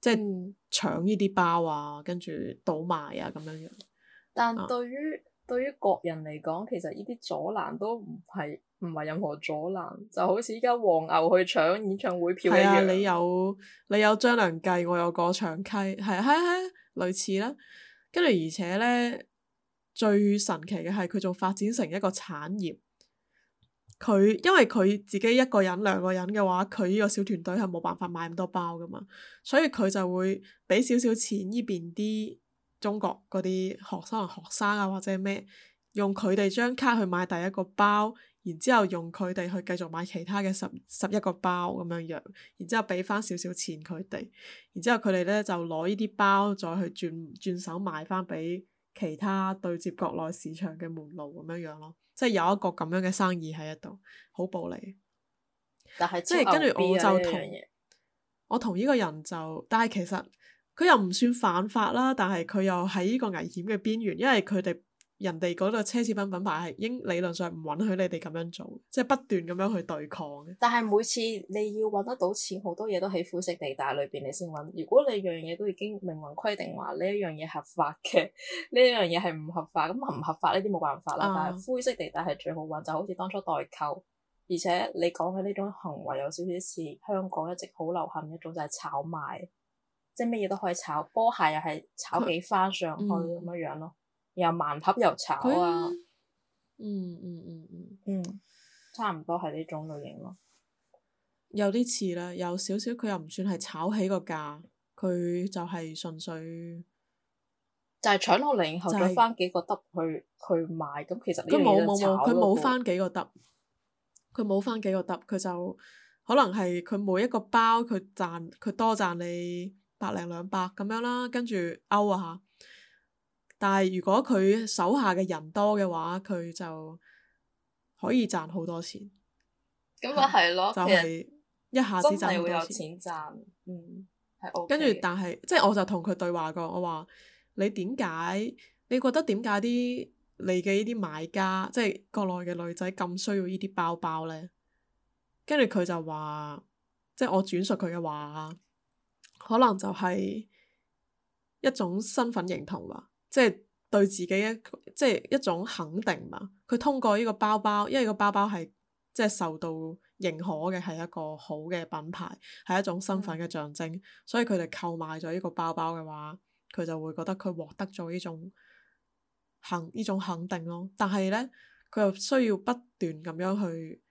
即係搶呢啲包啊，跟住倒賣啊咁樣樣。但對於對於國人嚟講，其實呢啲阻攔都唔係唔係任何阻攔，就好似依家黃牛去搶演唱會票一樣。係啊，你有你有張良計，我有過牆梯，係係係類似啦。跟住而且咧，最神奇嘅係佢仲發展成一個產業。佢因為佢自己一個人兩個人嘅話，佢呢個小團隊係冇辦法買咁多包噶嘛，所以佢就會俾少少錢呢邊啲，中國嗰啲學，學生啊學生啊或者咩，用佢哋張卡去買第一個包，然之後用佢哋去繼續買其他嘅十十一個包咁樣樣，然之後俾翻少少錢佢哋，然之後佢哋咧就攞呢啲包再去轉轉手賣翻俾其他對接國內市場嘅門路咁樣樣咯，即係有一個咁樣嘅生意喺一度，好暴利。但係即係跟住我就同我同呢個人就，但係其實。佢又唔算犯法啦，但係佢又喺呢個危險嘅邊緣，因為佢哋人哋嗰個奢侈品品牌係應理論上唔允許你哋咁樣做，即係不斷咁樣去對抗嘅。但係每次你要揾得到錢，好多嘢都喺灰色地帶裏邊你先揾。如果你樣嘢都已經明文規定話呢一樣嘢合法嘅，呢樣嘢係唔合法，咁啊唔合法呢啲冇辦法啦。啊、但係灰色地帶係最好揾，就好似當初代購，而且你講嘅呢種行為有少少似香港一直好流行一種就係炒賣。即係乜嘢都可以炒，波鞋又係炒幾番上去咁樣樣咯，又盲、嗯、盒又炒啊，嗯嗯嗯嗯嗯，差唔多係呢種類型咯，有啲似啦，有少少佢又唔算係炒起個價，佢就係純粹就係搶落嚟後再翻、就係、幾個得去去賣，咁其實佢冇冇冇，佢冇翻幾個得，佢冇翻幾個得，佢就可能係佢每一個包佢賺佢多賺你。百零兩百咁樣啦，跟住勾啊嚇！但係如果佢手下嘅人多嘅話，佢就可以賺好多錢。咁咪係咯，嗯、就係一下子賺好多錢。真係會有錢賺，嗯，係 OK。跟住但係，即係我就同佢對話過，我話你點解？你覺得點解啲你嘅呢啲買家，即係國內嘅女仔咁需要呢啲包包咧？跟住佢就話，即係我轉述佢嘅話。可能就係一種身份認同吧，即係對自己一即係一種肯定嘛。佢通過呢個包包，因為個包包係即係受到認可嘅，係一個好嘅品牌，係一種身份嘅象徵。所以佢哋購買咗呢個包包嘅話，佢就會覺得佢獲得咗呢種肯呢種肯定咯。但係咧，佢又需要不斷咁樣去。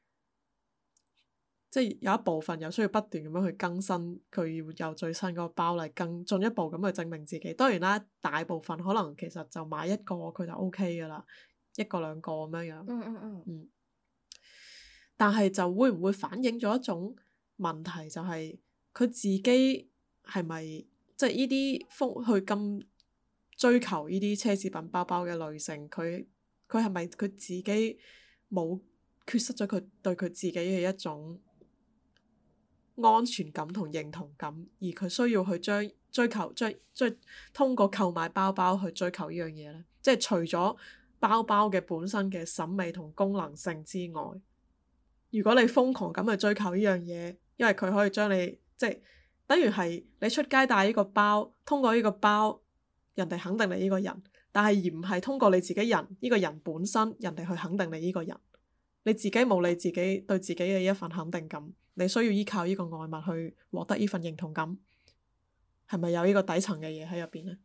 即係有一部分又需要不斷咁樣去更新，佢由最新嗰個包嚟更進一步咁去證明自己。當然啦，大部分可能其實就買一個佢就 OK 噶啦，一個兩個咁樣樣。嗯嗯嗯。但係就會唔會反映咗一種問題，就係、是、佢自己係咪即係呢啲福去咁追求呢啲奢侈品包包嘅女性，佢佢係咪佢自己冇缺失咗佢對佢自己嘅一種？安全感同認同感，而佢需要去將追求、追追通過購買包包去追求呢樣嘢咧。即係除咗包包嘅本身嘅審美同功能性之外，如果你瘋狂咁去追求呢樣嘢，因為佢可以將你即係等於係你出街帶呢個包，通過呢個包，人哋肯定你呢個人，但係而唔係通過你自己人呢個人本身，人哋去肯定你呢個人，你自己冇你自己對自己嘅一份肯定感。你需要依靠依個外物去獲得依份認同感，係咪有呢個底層嘅嘢喺入邊咧？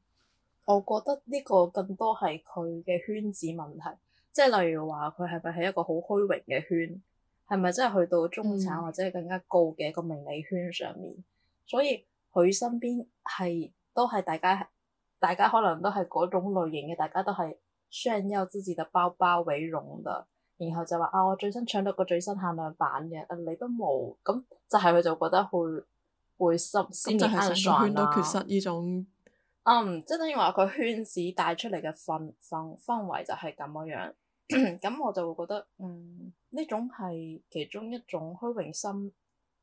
我覺得呢個更多係佢嘅圈子問題，即係例如話佢係咪係一個好虛榮嘅圈，係咪真係去到中產或者更加高嘅一個名利圈上面？嗯、所以佢身邊係都係大家，大家可能都係嗰種類型嘅，大家都係炫耀自己嘅包包為榮嘅。然後就話啊、哦，我最新搶到個最新限量版嘅、啊，你都冇，咁、嗯、就係、是、佢就覺得會會心心就係想、啊 um, 就圈缺失呢種，嗯，即係等於話佢圈子帶出嚟嘅氛氛氛圍就係咁樣樣。咁我就會覺得，嗯，呢種係其中一種虛榮心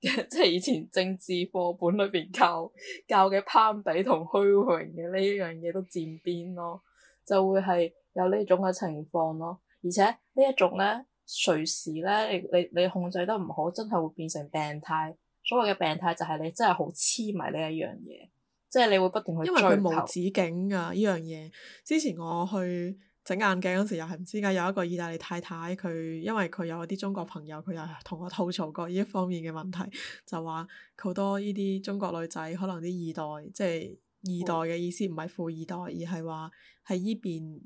嘅，即係以前政治課本裏邊教教嘅攀比同虛榮嘅呢一樣嘢都佔邊咯，就會係有呢種嘅情況咯。而且呢一種咧，隨時咧，你你你控制得唔好，真係會變成病態。所謂嘅病態就係你真係好癡迷呢一樣嘢，即係你會不斷去追求。因為佢無止境啊！呢樣嘢之前我去整眼鏡嗰時，又係唔知點解有一個意大利太太，佢因為佢有啲中國朋友，佢又同我吐槽過呢一方面嘅問題，就話好多呢啲中國女仔可能啲二代，即係二代嘅意思唔係富二代，而係話喺呢邊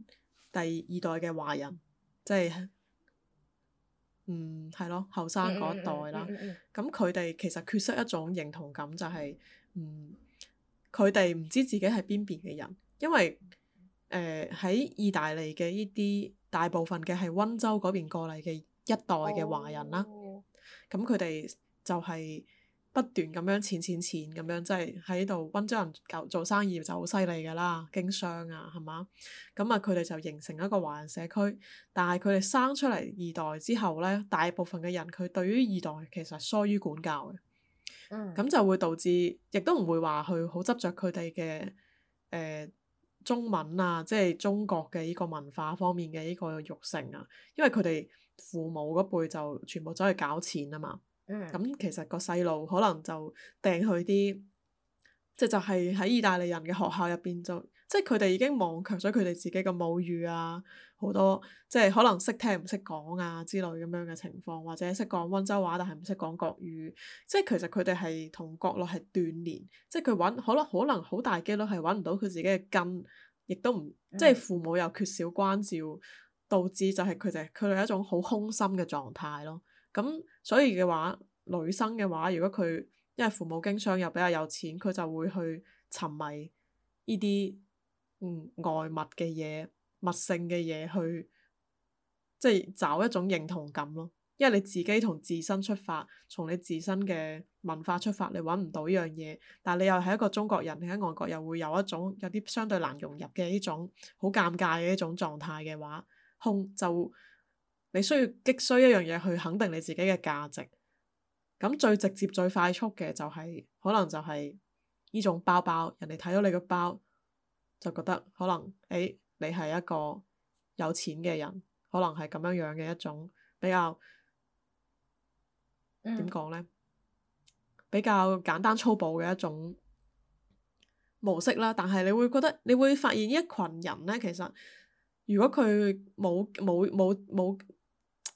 第二代嘅華人。即係，嗯，係咯，後生嗰一代啦，咁佢哋其實缺失一種認同感，就係，嗯，佢哋唔知自己係邊邊嘅人，因為，誒、呃，喺意大利嘅依啲大部分嘅係温州嗰邊過嚟嘅一代嘅華人啦，咁佢哋就係。不斷咁樣錢錢錢咁樣，即係喺度温州人搞做生意就好犀利噶啦，經商啊，係嘛？咁啊，佢哋就形成一個華人社區。但係佢哋生出嚟二代之後呢，大部分嘅人佢對於二代其實疏於管教嘅。嗯。咁就會導致，亦都唔會話去好執着佢哋嘅誒中文啊，即係中國嘅依個文化方面嘅依個欲性啊。因為佢哋父母嗰輩就全部走去搞錢啊嘛。咁、嗯、其實個細路可能就掟去啲，即係就係、是，喺意大利人嘅學校入邊就，即係佢哋已經忘卻咗佢哋自己嘅母語啊，好多即係、就是，可能識聽唔識講啊之類咁樣嘅情況，或者識講溫州話但係唔識講國語，即、就、係、是，其實佢哋係同國內係斷連，即係佢搵可能可能好大幾率係搵唔到佢自己嘅根，亦都唔即係父母又缺少關照，導致就係佢哋佢哋有一種好空心嘅狀態咯。咁所以嘅話，女生嘅話，如果佢因為父母經商又比較有錢，佢就會去沉迷呢啲嗯外物嘅嘢、物性嘅嘢去，即係找一種認同感咯。因為你自己同自身出發，從你自身嘅文化出發，你揾唔到呢樣嘢，但係你又係一個中國人，你喺外國又會有一種有啲相對難融入嘅呢種好尷尬嘅呢種狀態嘅話，空就。你需要急需一樣嘢去肯定你自己嘅價值，咁最直接最快速嘅就係、是、可能就係呢種包包，人哋睇到你個包就覺得可能誒、欸、你係一個有錢嘅人，可能係咁樣樣嘅一種比較，點講、嗯、呢？比較簡單粗暴嘅一種模式啦。但係你會覺得你會發現呢一群人呢，其實如果佢冇冇冇冇。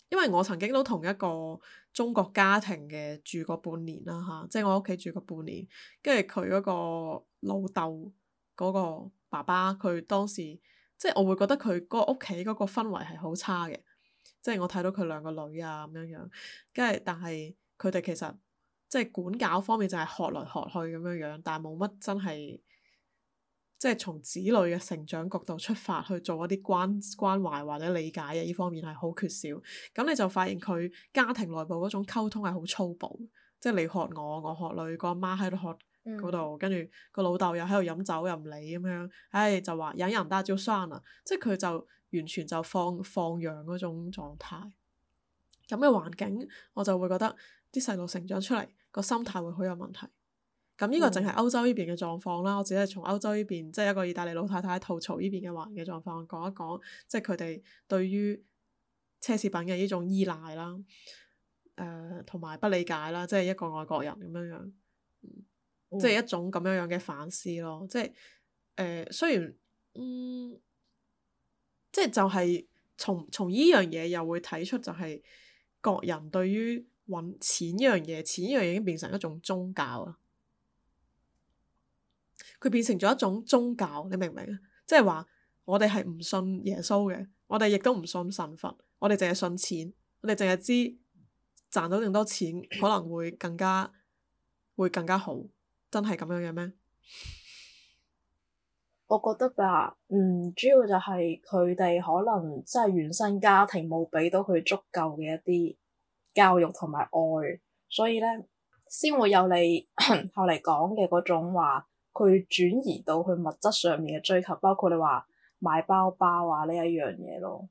因為我曾經都同一個中國家庭嘅住過半年啦嚇，即係我屋企住過半年，跟住佢嗰個老豆嗰個爸爸，佢當時即係我會覺得佢嗰個屋企嗰個氛圍係好差嘅，即係我睇到佢兩個女啊咁樣樣，跟住但係佢哋其實即係管教方面就係學來學去咁樣樣，但係冇乜真係。即係從子女嘅成長角度出發去做一啲關關懷或者理解嘅呢方面係好缺少，咁你就發現佢家庭內部嗰種溝通係好粗暴，即係你喝我，我喝媽媽喝、嗯、喝你，個阿媽喺度喝嗰度，跟住個老豆又喺度飲酒又唔理咁樣，唉、哎、就話忍人唔得就生啦，即係佢就完全就放放養嗰種狀態，咁嘅環境我就會覺得啲細路成長出嚟、個心態會好有問題。咁呢個淨係歐洲呢邊嘅狀況啦，嗯、我只係從歐洲呢邊，即、就、係、是、一個意大利老太太吐槽呢邊嘅環境狀況講一講，即係佢哋對於奢侈品嘅呢種依賴啦，誒同埋不理解啦，即係一個外國人咁樣樣，嗯、即係一種咁樣樣嘅反思咯，即係誒、呃、雖然，嗯，即係就係從從呢樣嘢又會睇出就係國人對於揾錢呢樣嘢，錢呢樣嘢已經變成一種宗教啊。佢變成咗一種宗教，你明唔明啊？即係話我哋係唔信耶穌嘅，我哋亦都唔信神佛，我哋淨係信錢，我哋淨係知賺到咁多錢可能會更加會更加好，真係咁樣嘅咩？我覺得吧，嗯，主要就係佢哋可能即係原生家庭冇俾到佢足夠嘅一啲教育同埋愛，所以咧先會有你 後嚟講嘅嗰種話。佢轉移到去物質上面嘅追求，包括你話買包包啊呢一樣嘢咯，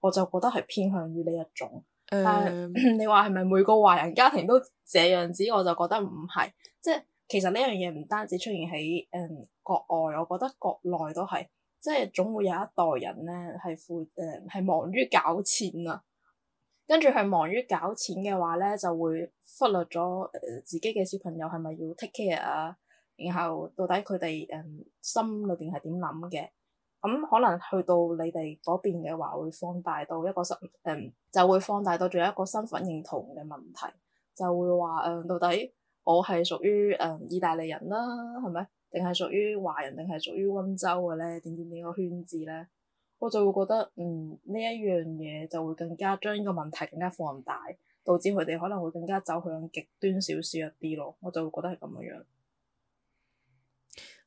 我就覺得係偏向於呢一種。誒、um，但係你話係咪每個華人家庭都這樣子？我就覺得唔係，即係其實呢樣嘢唔單止出現喺誒、嗯、國外，我覺得國內都係，即係總會有一代人咧係負誒係忙於搞錢啊，跟住係忙於搞錢嘅話咧，就會忽略咗誒、呃、自己嘅小朋友係咪要 take care 啊？然後到底佢哋誒心裏邊係點諗嘅？咁、嗯、可能去到你哋嗰邊嘅話，會放大到一個身誒、嗯，就會放大到仲有一個身份認同嘅問題，就會話誒、嗯、到底我係屬於誒意大利人啦，係咪？定係屬於華人？定係屬於溫州嘅咧？點點點個圈子咧？我就會覺得嗯呢一樣嘢就會更加將呢個問題更加放大，導致佢哋可能會更加走向極端少少一啲咯。我就會覺得係咁樣樣。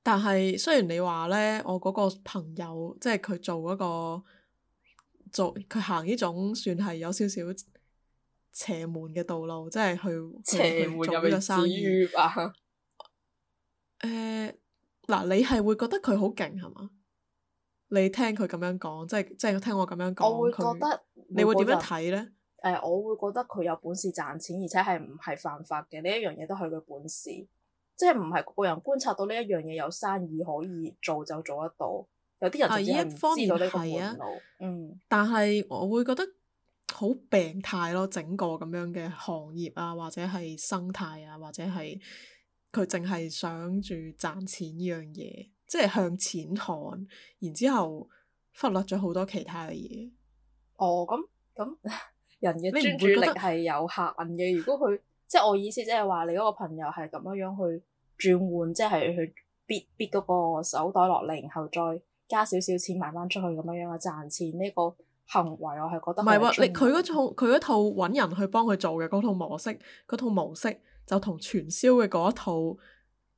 但係雖然你話咧，我嗰個朋友即係佢做嗰個做佢行呢種算係有少少邪門嘅道路，即係去邪門呢個生意。誒，嗱、呃，你係會覺得佢好勁係嘛？你聽佢咁樣講，即係即係聽我咁樣講、呃，我會覺得你會點樣睇咧？誒，我會覺得佢有本事賺錢，而且係唔係犯法嘅呢一樣嘢都係佢本事。即係唔係個人觀察到呢一樣嘢有生意可以做就做得到，有啲人就只係唔知道呢、啊、個門路。嗯，但係我會覺得好病態咯，整個咁樣嘅行業啊，或者係生態啊，或者係佢淨係想住賺錢呢樣嘢，即係向錢看，然之後忽略咗好多其他嘅嘢。哦，咁咁人嘅專注力係有局限嘅。如果佢即係我意思，即係話你嗰個朋友係咁樣樣去。轉換即係去迫迫嗰個手袋落嚟，然後再加少少錢賣翻出去咁樣樣啊，賺錢呢個行為，我係覺得唔係喎，你佢嗰套，佢嗰套揾人去幫佢做嘅嗰套模式，嗰套模式就同傳銷嘅嗰一套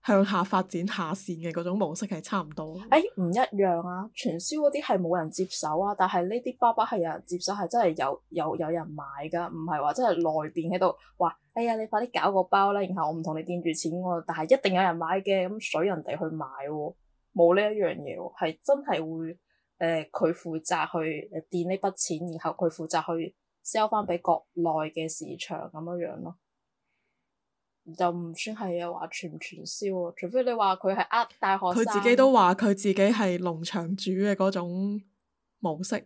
向下發展下線嘅嗰種模式係差唔多。誒唔、欸、一樣啊！傳銷嗰啲係冇人接手啊，但係呢啲包包係有人接手，係真係有有有人買㗎，唔係話真係內邊喺度話。哇哎呀，你快啲搞個包啦！然後我唔同你墊住錢喎、啊，但係一定有人買嘅，咁水人哋去買、啊，冇呢一樣嘢喎、啊，係真係會誒，佢、呃、負責去墊呢筆錢，然後佢負責去 sell 翻俾國內嘅市場咁樣樣咯、啊，就唔算係話傳唔傳銷，除非你話佢係呃大學生。佢自己都話佢自己係農場主嘅嗰種模式，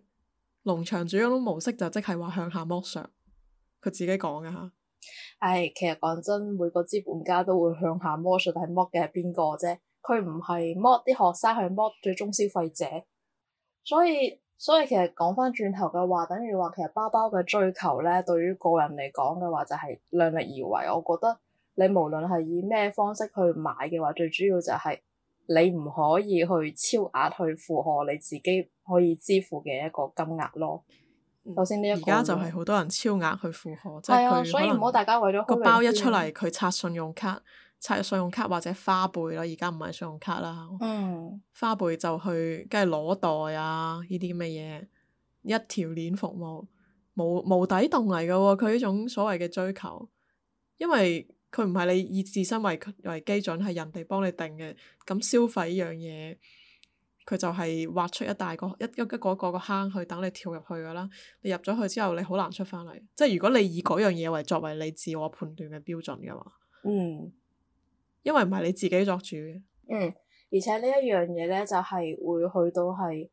農場主嗰種模式就即係話向下剝削，佢自己講嘅吓。唉、哎，其實講真，每個資本家都會向下剝削，但係剝嘅係邊個啫？佢唔係剝啲學生，係剝最終消費者。所以，所以其實講翻轉頭嘅話，等於話其實包包嘅追求咧，對於個人嚟講嘅話，就係量力而為。我覺得你無論係以咩方式去買嘅話，最主要就係你唔可以去超額去負荷你自己可以支付嘅一個金額咯。而家、這個、就係好多人超額去負荷，的即係佢可能個包一出嚟，佢刷信用卡、刷信用卡或者花唄啦。而家唔係信用卡啦，嗯、花唄就去跟住攞袋啊呢啲咁嘅嘢，一條鏈服務冇無，無底洞嚟噶喎。佢呢種所謂嘅追求，因為佢唔係你以自身為為基準，係人哋幫你定嘅咁消費呢樣嘢。佢就係挖出一大個一一個一個一個坑去等你跳入去㗎啦，你入咗去之後你好難出返嚟。即係如果你以嗰樣嘢為作為你自我判斷嘅標準嘅話，嗯，因為唔係你自己作主嘅。嗯，而且呢一樣嘢咧就係、是、會去到係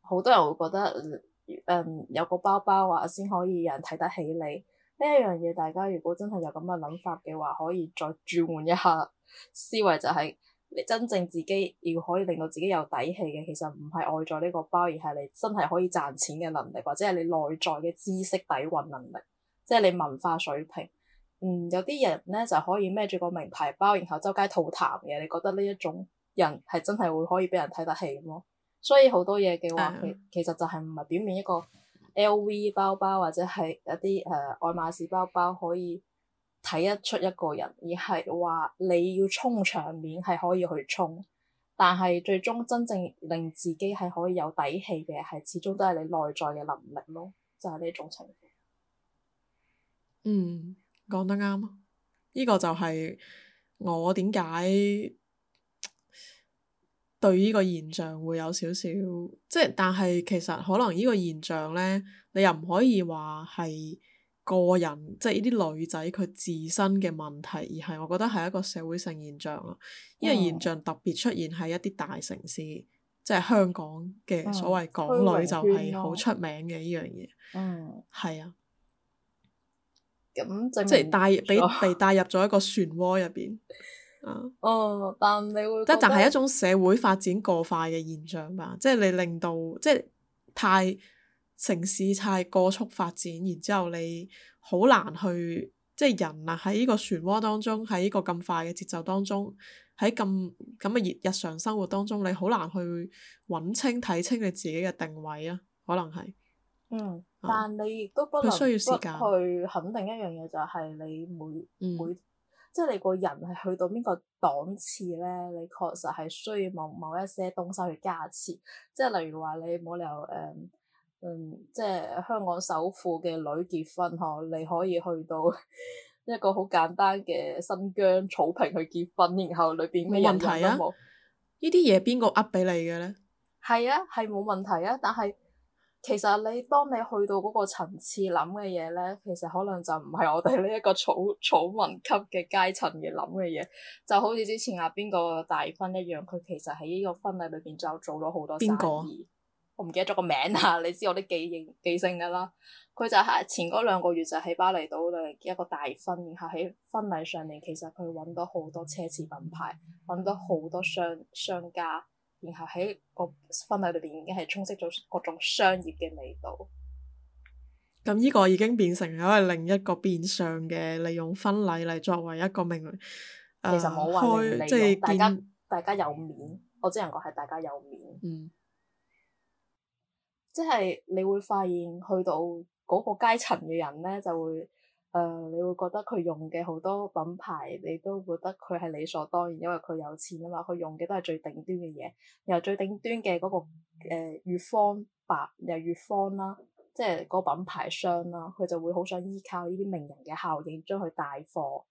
好多人會覺得，嗯，有個包包話先可以有人睇得起你。呢一樣嘢大家如果真係有咁嘅諗法嘅話，可以再轉換一下思維就係、是。你真正自己要可以令到自己有底氣嘅，其實唔係外在呢個包，而係你真係可以賺錢嘅能力，或者係你內在嘅知識底蘊能力，即係你文化水平。嗯，有啲人咧就可以孭住個名牌包，然後周街吐痰嘅，你覺得呢一種人係真係會可以俾人睇得起嘅咯。所以好多嘢嘅話，佢、uh huh. 其實就係唔係表面一個 LV 包包或者係一啲誒、uh, 愛馬仕包包可以。睇得出一個人，而係話你要衝場面係可以去衝，但係最終真正令自己係可以有底氣嘅係，始終都係你內在嘅能力咯。就係呢種情況。嗯，講得啱。呢個就係我點解對呢個現象會有少少，即係但係其實可能呢個現象呢，你又唔可以話係。個人即係呢啲女仔佢自身嘅問題，而係我覺得係一個社會性現象咯。呢個現象特別出現喺一啲大城市，嗯、即係香港嘅所謂港女就係好出名嘅呢樣嘢。嗯，係啊。咁、嗯、即係帶俾、嗯、被，被帶入咗一個漩渦入邊。啊哦、嗯，但你會即係係一種社會發展過快嘅現象吧？即係你令到即係太。城市太過速發展，然之後你好難去，即係人啊喺呢個漩渦當中，喺呢個咁快嘅節奏當中，喺咁咁嘅日日常生活當中，你好難去揾清睇清你自己嘅定位啊，可能係。嗯，嗯，但你亦都需要時間不能不去肯定一樣嘢，就係你每、嗯、每，即係你個人係去到邊個檔次咧，你確實係需要某某一些東西去加持，即係例如話你冇理由誒。Um, 嗯，即係香港首富嘅女結婚嗬，你可以去到一個好簡單嘅新疆草坪去結婚，然後裏邊咩人都冇。呢啲嘢邊個呃 up 俾你嘅咧？係啊，係冇、啊、問題啊。但係其實你當你去到嗰個層次諗嘅嘢咧，其實可能就唔係我哋呢一個草草民級嘅階層嘅諗嘅嘢。就好似之前阿邊個大婚一樣，佢其實喺呢個婚禮裏邊就做咗好多生意。我唔記得咗個名啦，你知我啲記認記性噶啦。佢就係前嗰兩個月就喺巴厘島度嚟一個大婚，然後喺婚禮上面其實佢揾到好多奢侈品牌，揾到好多商商家，然後喺個婚禮裏邊已經係充斥咗各種商業嘅味道。咁呢個已經變成咗係另一個變相嘅利用婚禮嚟作為一個名，其實冇話名利，即係、大家大家有面，我只能講係大家有面。嗯。即係你會發現，去到嗰個階層嘅人咧，就會誒、呃，你會覺得佢用嘅好多品牌，你都覺得佢係理所當然，因為佢有錢啊嘛，佢用嘅都係最頂端嘅嘢。然後最頂端嘅嗰、那個誒、呃、越方白又越方啦，即係嗰品牌商啦，佢就會好想依靠呢啲名人嘅效應將佢帶貨。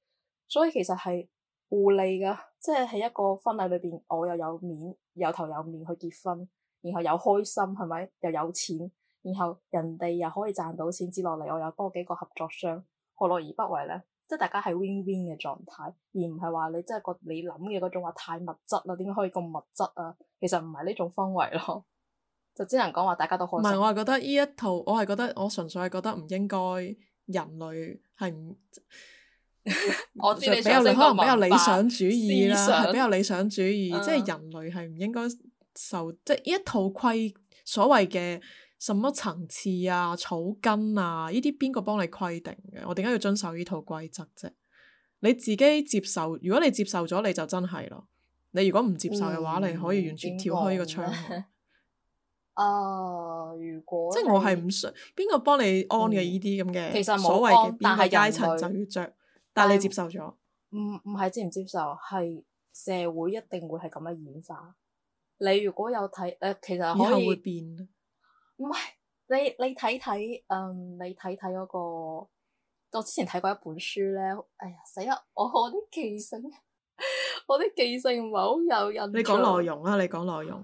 所以其實係互利㗎，即係喺一個婚禮裏邊，我又有面有頭有面去結婚。然後又開心，係咪又有錢？然後人哋又可以賺到錢，接落嚟我又多幾個合作商，何樂而不為咧？即係大家係 win win 嘅狀態，而唔係話你真係覺得你諗嘅嗰種話太物質啦，點解可以咁物質啊？其實唔係呢種氛圍咯，就只能講話大家都開心。唔係，我係覺得呢一套，我係覺得我純粹係覺得唔應該人類係唔， 我知你比較可能比較理想主義啦，係比較理想主義，即係、嗯、人類係唔應該。受即係呢一套規，所謂嘅什麼層次啊、草根啊，呢啲邊個幫你規定嘅？我點解要遵守套規則呢套規則啫？你自己接受，如果你接受咗，你就真係咯。你如果唔接受嘅話，嗯、你可以完全跳開呢個窗。啊、嗯 呃，如果即係我係唔想，邊個幫你安嘅呢啲咁嘅，其實冇安，但係階層就要着，但係是你接受咗？唔唔係接唔接受，係社會一定會係咁樣演化。你如果有睇，誒，其實可能以，以後會變。唔係，你你睇睇，嗯，你睇睇嗰個，我之前睇過一本書咧，哎呀，死啦，我我啲記性，我啲記性唔係好有印象。你講內容啊，你講內容，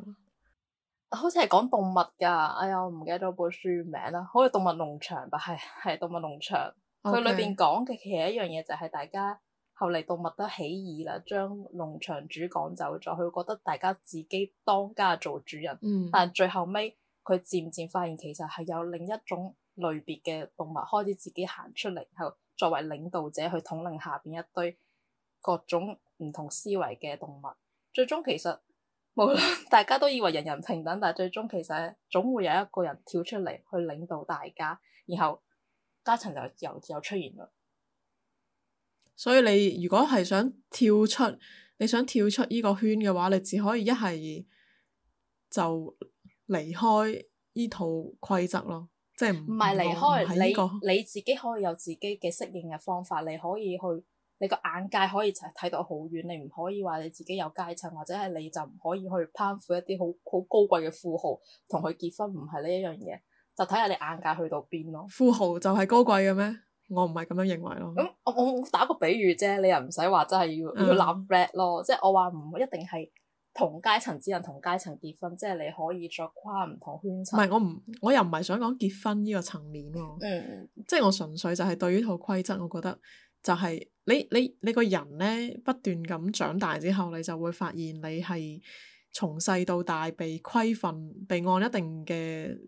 啊好哎。好似係講動物噶，哎呀，我唔記得咗本書名啦，好似動物農場吧，係，係動物農場，佢 Okay. 裏邊講嘅其實一樣嘢就係大家。後嚟動物都起義啦，將農場主趕走咗，佢會覺得大家自己當家做主人。嗯。但最後尾，佢漸漸發現其實係有另一種類別嘅動物開始自己行出嚟，後作為領導者去統領下邊一堆各種唔同思維嘅動物。最終其實無論大家都以為人人平等，但係最終其實總會有一個人跳出嚟去領導大家，然後階層就又又，又出現啦。所以你如果係想跳出，你想跳出呢個圈嘅話，你只可以一係就離開呢套規則咯，即係唔係離開、這個、你你自己可以有自己嘅適應嘅方法，你可以去你個眼界可以睇到好遠，你唔可以話你自己有階層，或者係你就唔可以去攀附一啲好好高貴嘅富豪，同佢結婚唔係呢一樣嘢，就睇下你眼界去到邊咯。富豪就係高貴嘅咩？我唔係咁樣認為咯。咁、嗯、我我打個比喻啫，你又唔使話真係要、嗯、要諗 red 咯。即係我話唔一定係同階層之人同階層結婚，即係你可以再跨唔同圈層。唔係我唔，我又唔係想講結婚呢個層面咯。嗯，即係我純粹就係對於套規則，我覺得就係你你你，你個人咧不斷咁長大之後，你就會發現你係從細到大被規訓，被按一定嘅。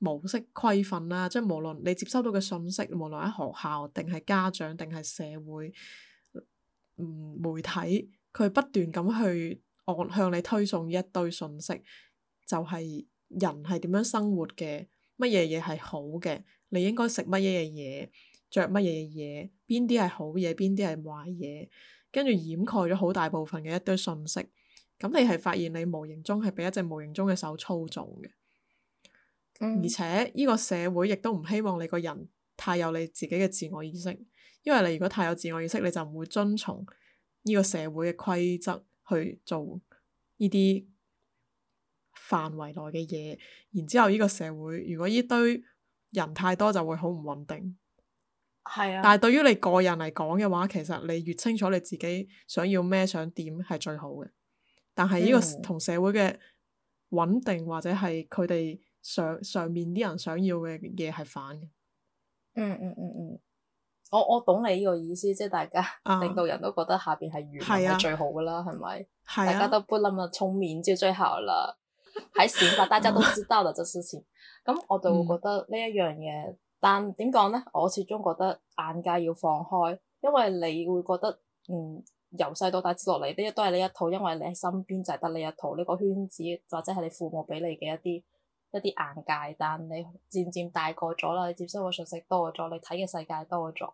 模式規訓啦，即係無論你接收到嘅信息，無論喺學校定係家長定係社會，媒體，佢不斷咁去按向你推送一堆信息，就係、是、人係點樣生活嘅，乜嘢嘢係好嘅，你應該食乜嘢嘢，着乜嘢嘢，邊啲係好嘢，邊啲係壞嘢，跟住掩蓋咗好大部分嘅一堆信息，咁你係發現你無形中係俾一隻無形中嘅手操縱嘅。而且呢個社會亦都唔希望你個人太有你自己嘅自我意識，因為你如果太有自我意識，你就唔會遵從呢個社會嘅規則去做呢啲範圍內嘅嘢。然之後呢個社會如果呢堆人太多就會好唔穩定。係啊。但係對於你個人嚟講嘅話，其實你越清楚你自己想要咩、想點係最好嘅。但係呢個同社會嘅穩定、嗯、或者係佢哋。上上面啲人想要嘅嘢係反嘅，嗯嗯嗯嗯，我我懂你呢個意思，即係大家、啊、領導人都覺得下邊係圓係最好噶啦，係咪？啊、大家都不諗啊，聰明就最好啦。喺選拔，大家都知道啦，呢個事情咁、 嗯、我就會覺得呢一樣嘢，但點講咧？我始終覺得眼界要放開，因為你會覺得嗯由細到大接落嚟啲都係你一套，因為你喺身邊就係得你一套，呢個圈子或者係你父母俾你嘅一啲。一啲眼界，但你漸漸大個咗啦，你接收嘅信息多咗，你睇嘅世界多咗，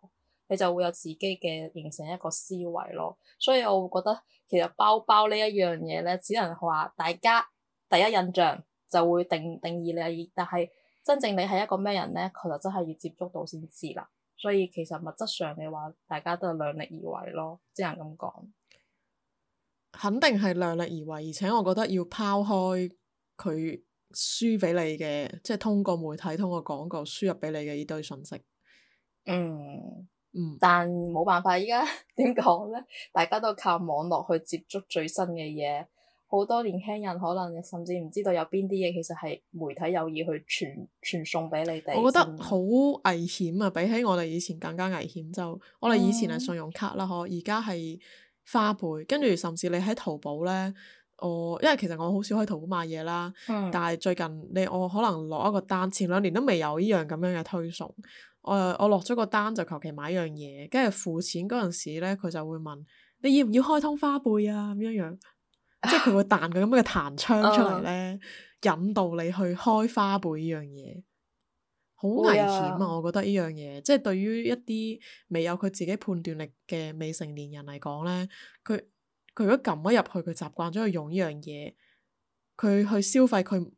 你就會有自己嘅形成一個思維咯。所以我覺得其實包包呢一樣嘢咧，只能話大家第一印象就會定定義你，但係真正你係一個咩人咧，佢就真係要接觸到先知啦。所以其實物質上嘅話，大家都係量力而為咯，只能咁講。肯定係量力而為，而且我覺得要拋開佢。輸俾你嘅，即係通過媒體、通過廣告輸入俾你嘅呢堆信息。嗯嗯，嗯，但冇辦法，依家點講咧？大家都靠網絡去接觸最新嘅嘢，好多年輕人可能甚至唔知道有邊啲嘢其實係媒體有意去傳傳送俾你哋。我覺得好危險啊！比起我哋以前更加危險，就我哋以前係信用卡啦，可而家係花唄，跟住甚至你喺淘寶咧。哦，因為其實我好少喺淘寶買嘢啦，嗯、但係最近你我可能落一個單，前兩年都未有依樣咁樣嘅推送。我我落咗個單就求其買一樣嘢，跟住付錢嗰陣時咧，佢就會問你要唔要開通花唄啊咁樣樣，即係佢會彈佢咁樣嘅彈窗出嚟咧，啊、引導你去開花唄依樣嘢，好危險啊！啊我覺得依樣嘢，即係對於一啲未有佢自己判斷力嘅未成年人嚟講咧，佢。佢如果撳唔入去，佢習慣咗去用呢樣嘢，佢去消費佢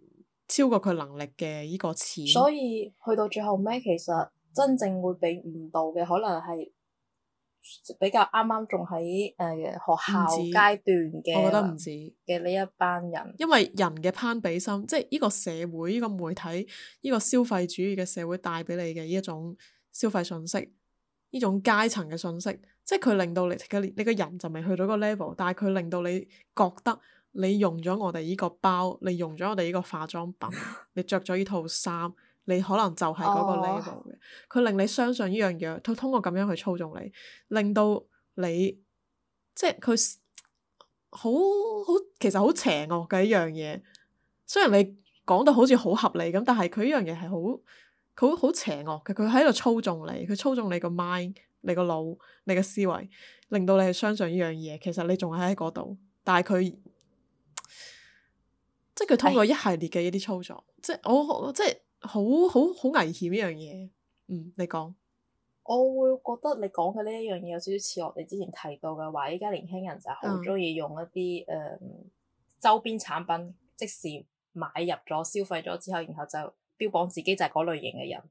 超過佢能力嘅依個錢。所以去到最後尾，其實真正會俾誤導嘅，可能係比較啱啱仲喺誒學校階段嘅，我覺得唔止嘅呢一班人。因為人嘅攀比心，即係依個社會、呢個媒體、呢個消費主義嘅社會帶俾你嘅呢一種消費信息，呢種階層嘅信息。即係佢令到你嘅你個人就未去到個 level，但係佢令到你覺得你用咗我哋依個包，你用咗我哋依個化妝品，你着咗依套衫，你可能就係嗰個 level 嘅。佢、oh. 令你相信呢樣嘢，佢通過咁樣去操縱你，令到你即係佢好好其實好邪惡嘅一樣嘢。雖然你講到好似好合理咁，但係佢呢樣嘢係好。佢好邪惡嘅，佢喺度操縱你，佢操縱你個 mind、你個腦、你個思維，令到你係相信依樣嘢。其實你仲係喺嗰度，但係佢即係佢通過一系列嘅一啲操作，唉即係我即係好好好危險依樣嘢。嗯，你講，我會覺得你講嘅呢一樣嘢有少少似我哋之前提到嘅話，依家年輕人就好中意用一啲誒、嗯嗯、周邊產品，即時買入咗、消費咗之後，然後就標榜自己就係嗰類型嘅人，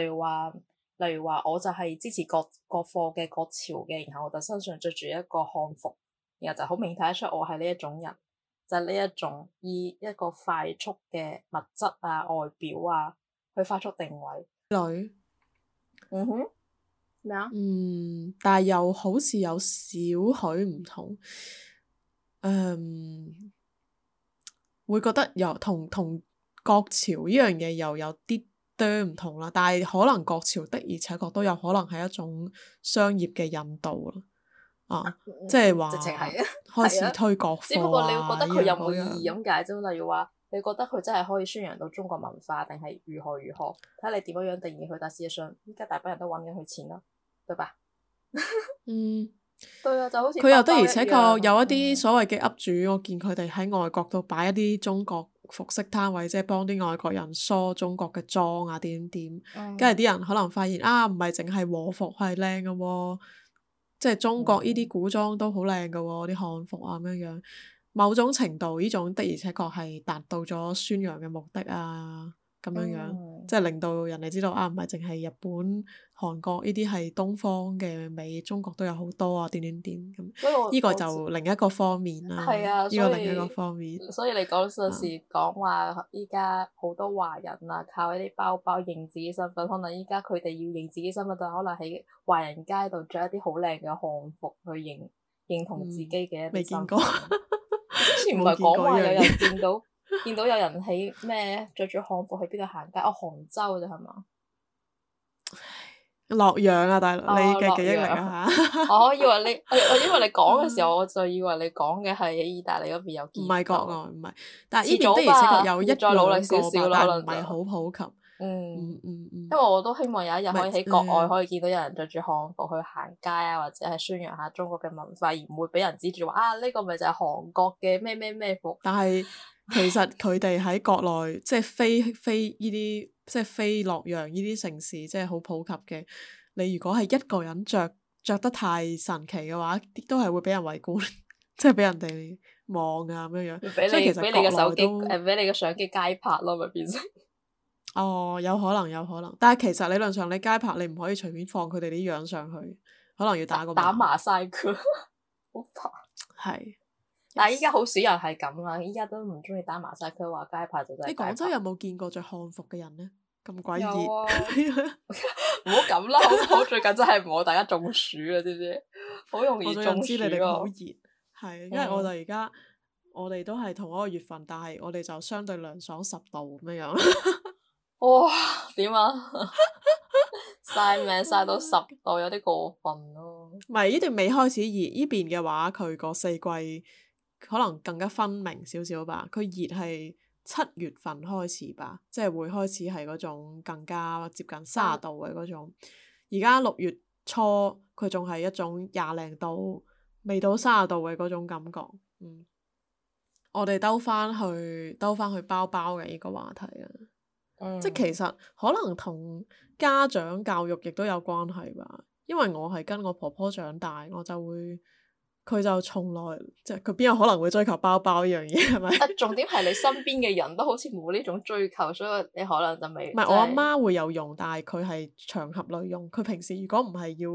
例如話，例如話，我就係支持國國貨嘅國潮嘅，然後我就身上着住一個漢服，然後就好明顯睇得出我係呢一種人，就係呢一種以一個快速嘅物質啊外表啊去快速定位。女，嗯、mm、哼，咩啊？嗯，但係又好似有少許唔同，誒、um,，會覺得又同同。同國潮呢樣嘢又有啲多唔同啦，但係可能國潮的而且確都有可能係一種商業嘅引導啦。啊，嗯、即係話直情係 開始推國貨。只不過你會覺得佢有冇意義咁解啫？例如話，你覺得佢真係可以宣揚到中國文化，定係如何如何？睇你點樣樣定義佢。但事實上，依家大把人都搵緊佢錢啦，對吧？ 嗯，對啊，就好似佢又的而且確有一啲所謂嘅 up 主，嗯、我見佢哋喺外國度擺一啲中國服飾攤位，即係幫啲外國人梳中國嘅妝啊點點。跟住啲人可能發現啊，唔係淨係和服係靚㗎喎，即係中國呢啲古裝都好靚㗎喎，啲漢服啊咁樣樣，某種程度呢種的而且確係達到咗宣揚嘅目的啊。咁樣樣，嗯、即係令到人哋知道啊，唔係淨係日本、韓國呢啲係東方嘅美，中國都有好多啊，點點點咁。依是個就另一個方面啦，呢、嗯啊、個另一個方面。所以，所以你講有陣時講話依家好多華人啊，靠一啲包包認自己身份，可能依家佢哋要認自己身份，就可能喺華人街度着一啲好靚嘅漢服去認認同自己嘅。未、嗯、見過，之前唔係講話有人見到。 見到有人喺咩着住漢服去邊度行街？哦，杭州嘅啫係嘛？洛陽啊，大佬，你嘅記憶力吓？我以為你，我因為你講嘅時候，我就以為你講嘅係喺意大利嗰邊有見過。唔係國外，唔係，但係呢邊的而且確有一再努力少少咯，可能唔係好普及。嗯嗯嗯，因為我都希望有一日可以喺國外可以見到有人着住漢服去行街啊，或者係宣揚下中國嘅文化，而唔會俾人指住話啊，呢個咪就係韓國嘅咩咩咩服？但係。 其實佢哋喺國內即係非飛呢啲，即係非，非，非洛陽呢啲城市，即係好普及嘅。你如果係一個人着著，著得太神奇嘅話，都係會俾人圍觀，即係俾人哋望啊咁樣樣。俾 你俾你個手機誒，俾、呃、你個相機街拍咯，咪變成。 哦，有可能，有可能。但係其實理論上你街拍，你唔可以隨便放佢哋啲樣上去，可能要打個麻打，打馬賽克。 好怕爽。係。 但係依家好少人係咁啦，依家都唔中意打麻晒，佢話街牌就就街，你廣州有冇見過着漢服嘅人咧？咁鬼熱，唔好咁啦，好好？ 最近真係唔好大家中暑啦， 知唔知？好容易中暑。我知你哋好熱，係，因為我哋而家，嗯、我哋都係同一個月份，但係我哋就相對涼爽十度咁樣樣。哇、 哦，點啊？晒 命晒到十度有啲過分咯、啊。唔係， 依段未開始熱，呢邊嘅話佢個四季。可能更加分明少少吧。佢熱係七月份開始吧，即係會開始係嗰種更加接近三十度嘅嗰種。而家六月初佢仲係一種廿零度，未到三十度嘅嗰種感覺。嗯，我哋兜翻去兜翻去包包嘅呢個話題啊。嗯，即係其實可能同家長教育亦都有關係吧。因為我係跟我婆婆長大，我就會。佢就從來即係佢邊有可能會追求包包呢樣嘢係咪？是、是。 重點係你身邊嘅人都好似冇呢種追求，所以你可能就未、是。唔係 我阿媽會有用，但係佢係場合內用。佢平時如果唔係要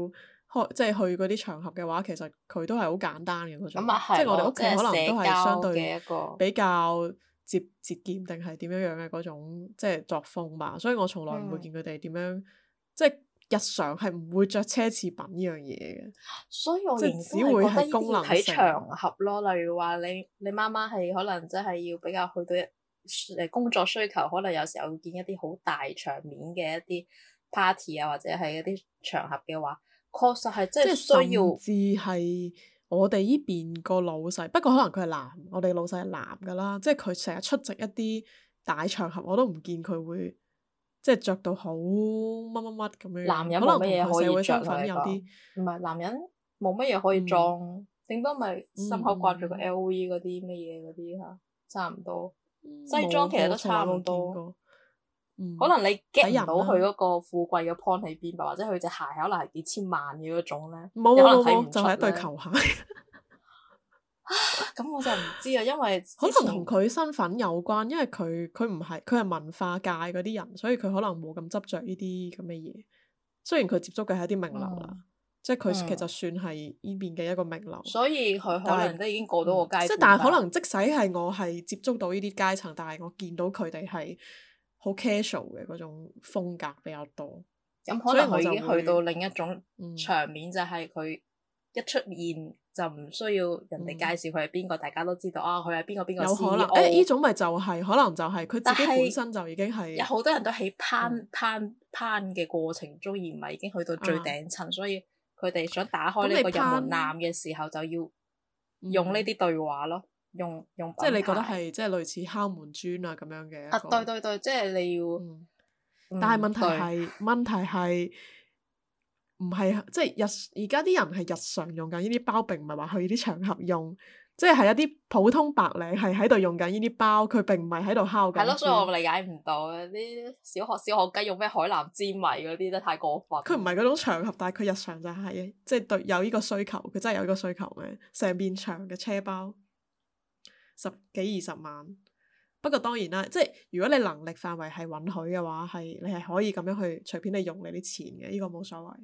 開即係去嗰啲場合嘅話，其實佢都係好簡單嘅嗰種。咁啊，係。即係我哋屋企可能都係相對，比較節節儉定係點樣樣嘅嗰種即係作風嘛，所以我從來唔會見佢哋點樣、嗯、即係。日常係唔會着奢侈品呢樣嘢嘅，所以我只會喺功能睇場合咯。例如話你你媽媽係可能真係要比較去到一誒工作需求，可能有時候會見一啲好大場面嘅一啲 party 啊，或者係一啲場合嘅話，確實係即係需要。至係我哋呢邊個老細，不過可能佢係男，我哋老細係男噶啦，即係佢成日出席一啲大場合，我都唔見佢會。即係着到好乜乜乜咁樣，男人可能乜嘢可以着啦，係啲、嗯？唔係，男人冇乜嘢可以裝，頂多咪心口掛住個 LV 嗰啲乜嘢嗰啲吓，差唔多、嗯、西裝其實都差唔多。嗯、可能你 get 唔、啊、到佢嗰個富貴嘅 point 喺邊吧，或者佢隻鞋可能係幾千萬嘅嗰種咧，冇冇冇，就係、一、對球鞋。 咁我就唔知啊，因為可能同佢身份有關，因為佢佢唔係佢係文化界嗰啲人，所以佢可能冇咁執着呢啲咁嘅嘢。雖然佢接觸嘅係啲名流啦，嗯、即係佢其實算係呢邊嘅一個名流。嗯、但所以佢可能都已經過到個階段、嗯。即但係可能即使係我係接觸到呢啲階層，但係我見到佢哋係好 casual 嘅嗰種風格比較多。咁、嗯嗯、可能佢已經去到另一種場面，嗯、就係佢一出現。就唔需要人哋介紹佢係邊個，嗯、大家都知道啊。佢係邊個邊個有可能誒，呢、欸、種咪就係、是、可能就係、是、佢自己是本身就已經係有好多人都喺攀攀攀嘅過程中而唔係已經去到最頂層，啊、所以佢哋想打開呢個入門檻嘅時候就要用呢啲對話咯，嗯、用用即係你覺得係即係類似敲門磚啊咁樣嘅啊！對對對，即、就、係、是、你要，嗯、但係問題係、嗯、問題係。唔係即係日而家啲人係日常用緊呢啲包，並唔係話去呢啲場合用，即係係一啲普通白領係喺度用緊呢啲包，佢並唔係喺度敲緊。係咯，所以我理解唔到啲小學小學雞用咩海南之謎嗰啲都太過分。佢唔係嗰種場合，但係佢日常就係、是、即係對有呢個需求，佢真係有呢個需求嘅，成邊長嘅車包十幾二十萬。不過當然啦，即係如果你能力範圍係允許嘅話，係你係可以咁樣去隨便你用你啲錢嘅，呢、這個冇所謂。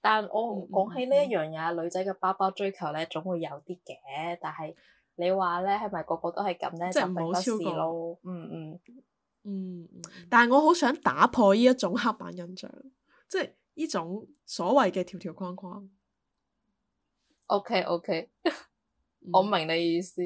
但我唔講起呢一樣嘢，嗯、女仔嘅包包追求咧總會有啲嘅。但係你話咧，係咪個個都係咁咧？就係冇超過。嗯嗯嗯。嗯嗯嗯嗯但係我好想打破呢一種刻板印象，即係呢種所謂嘅條條框框。O K O K，我明你意思。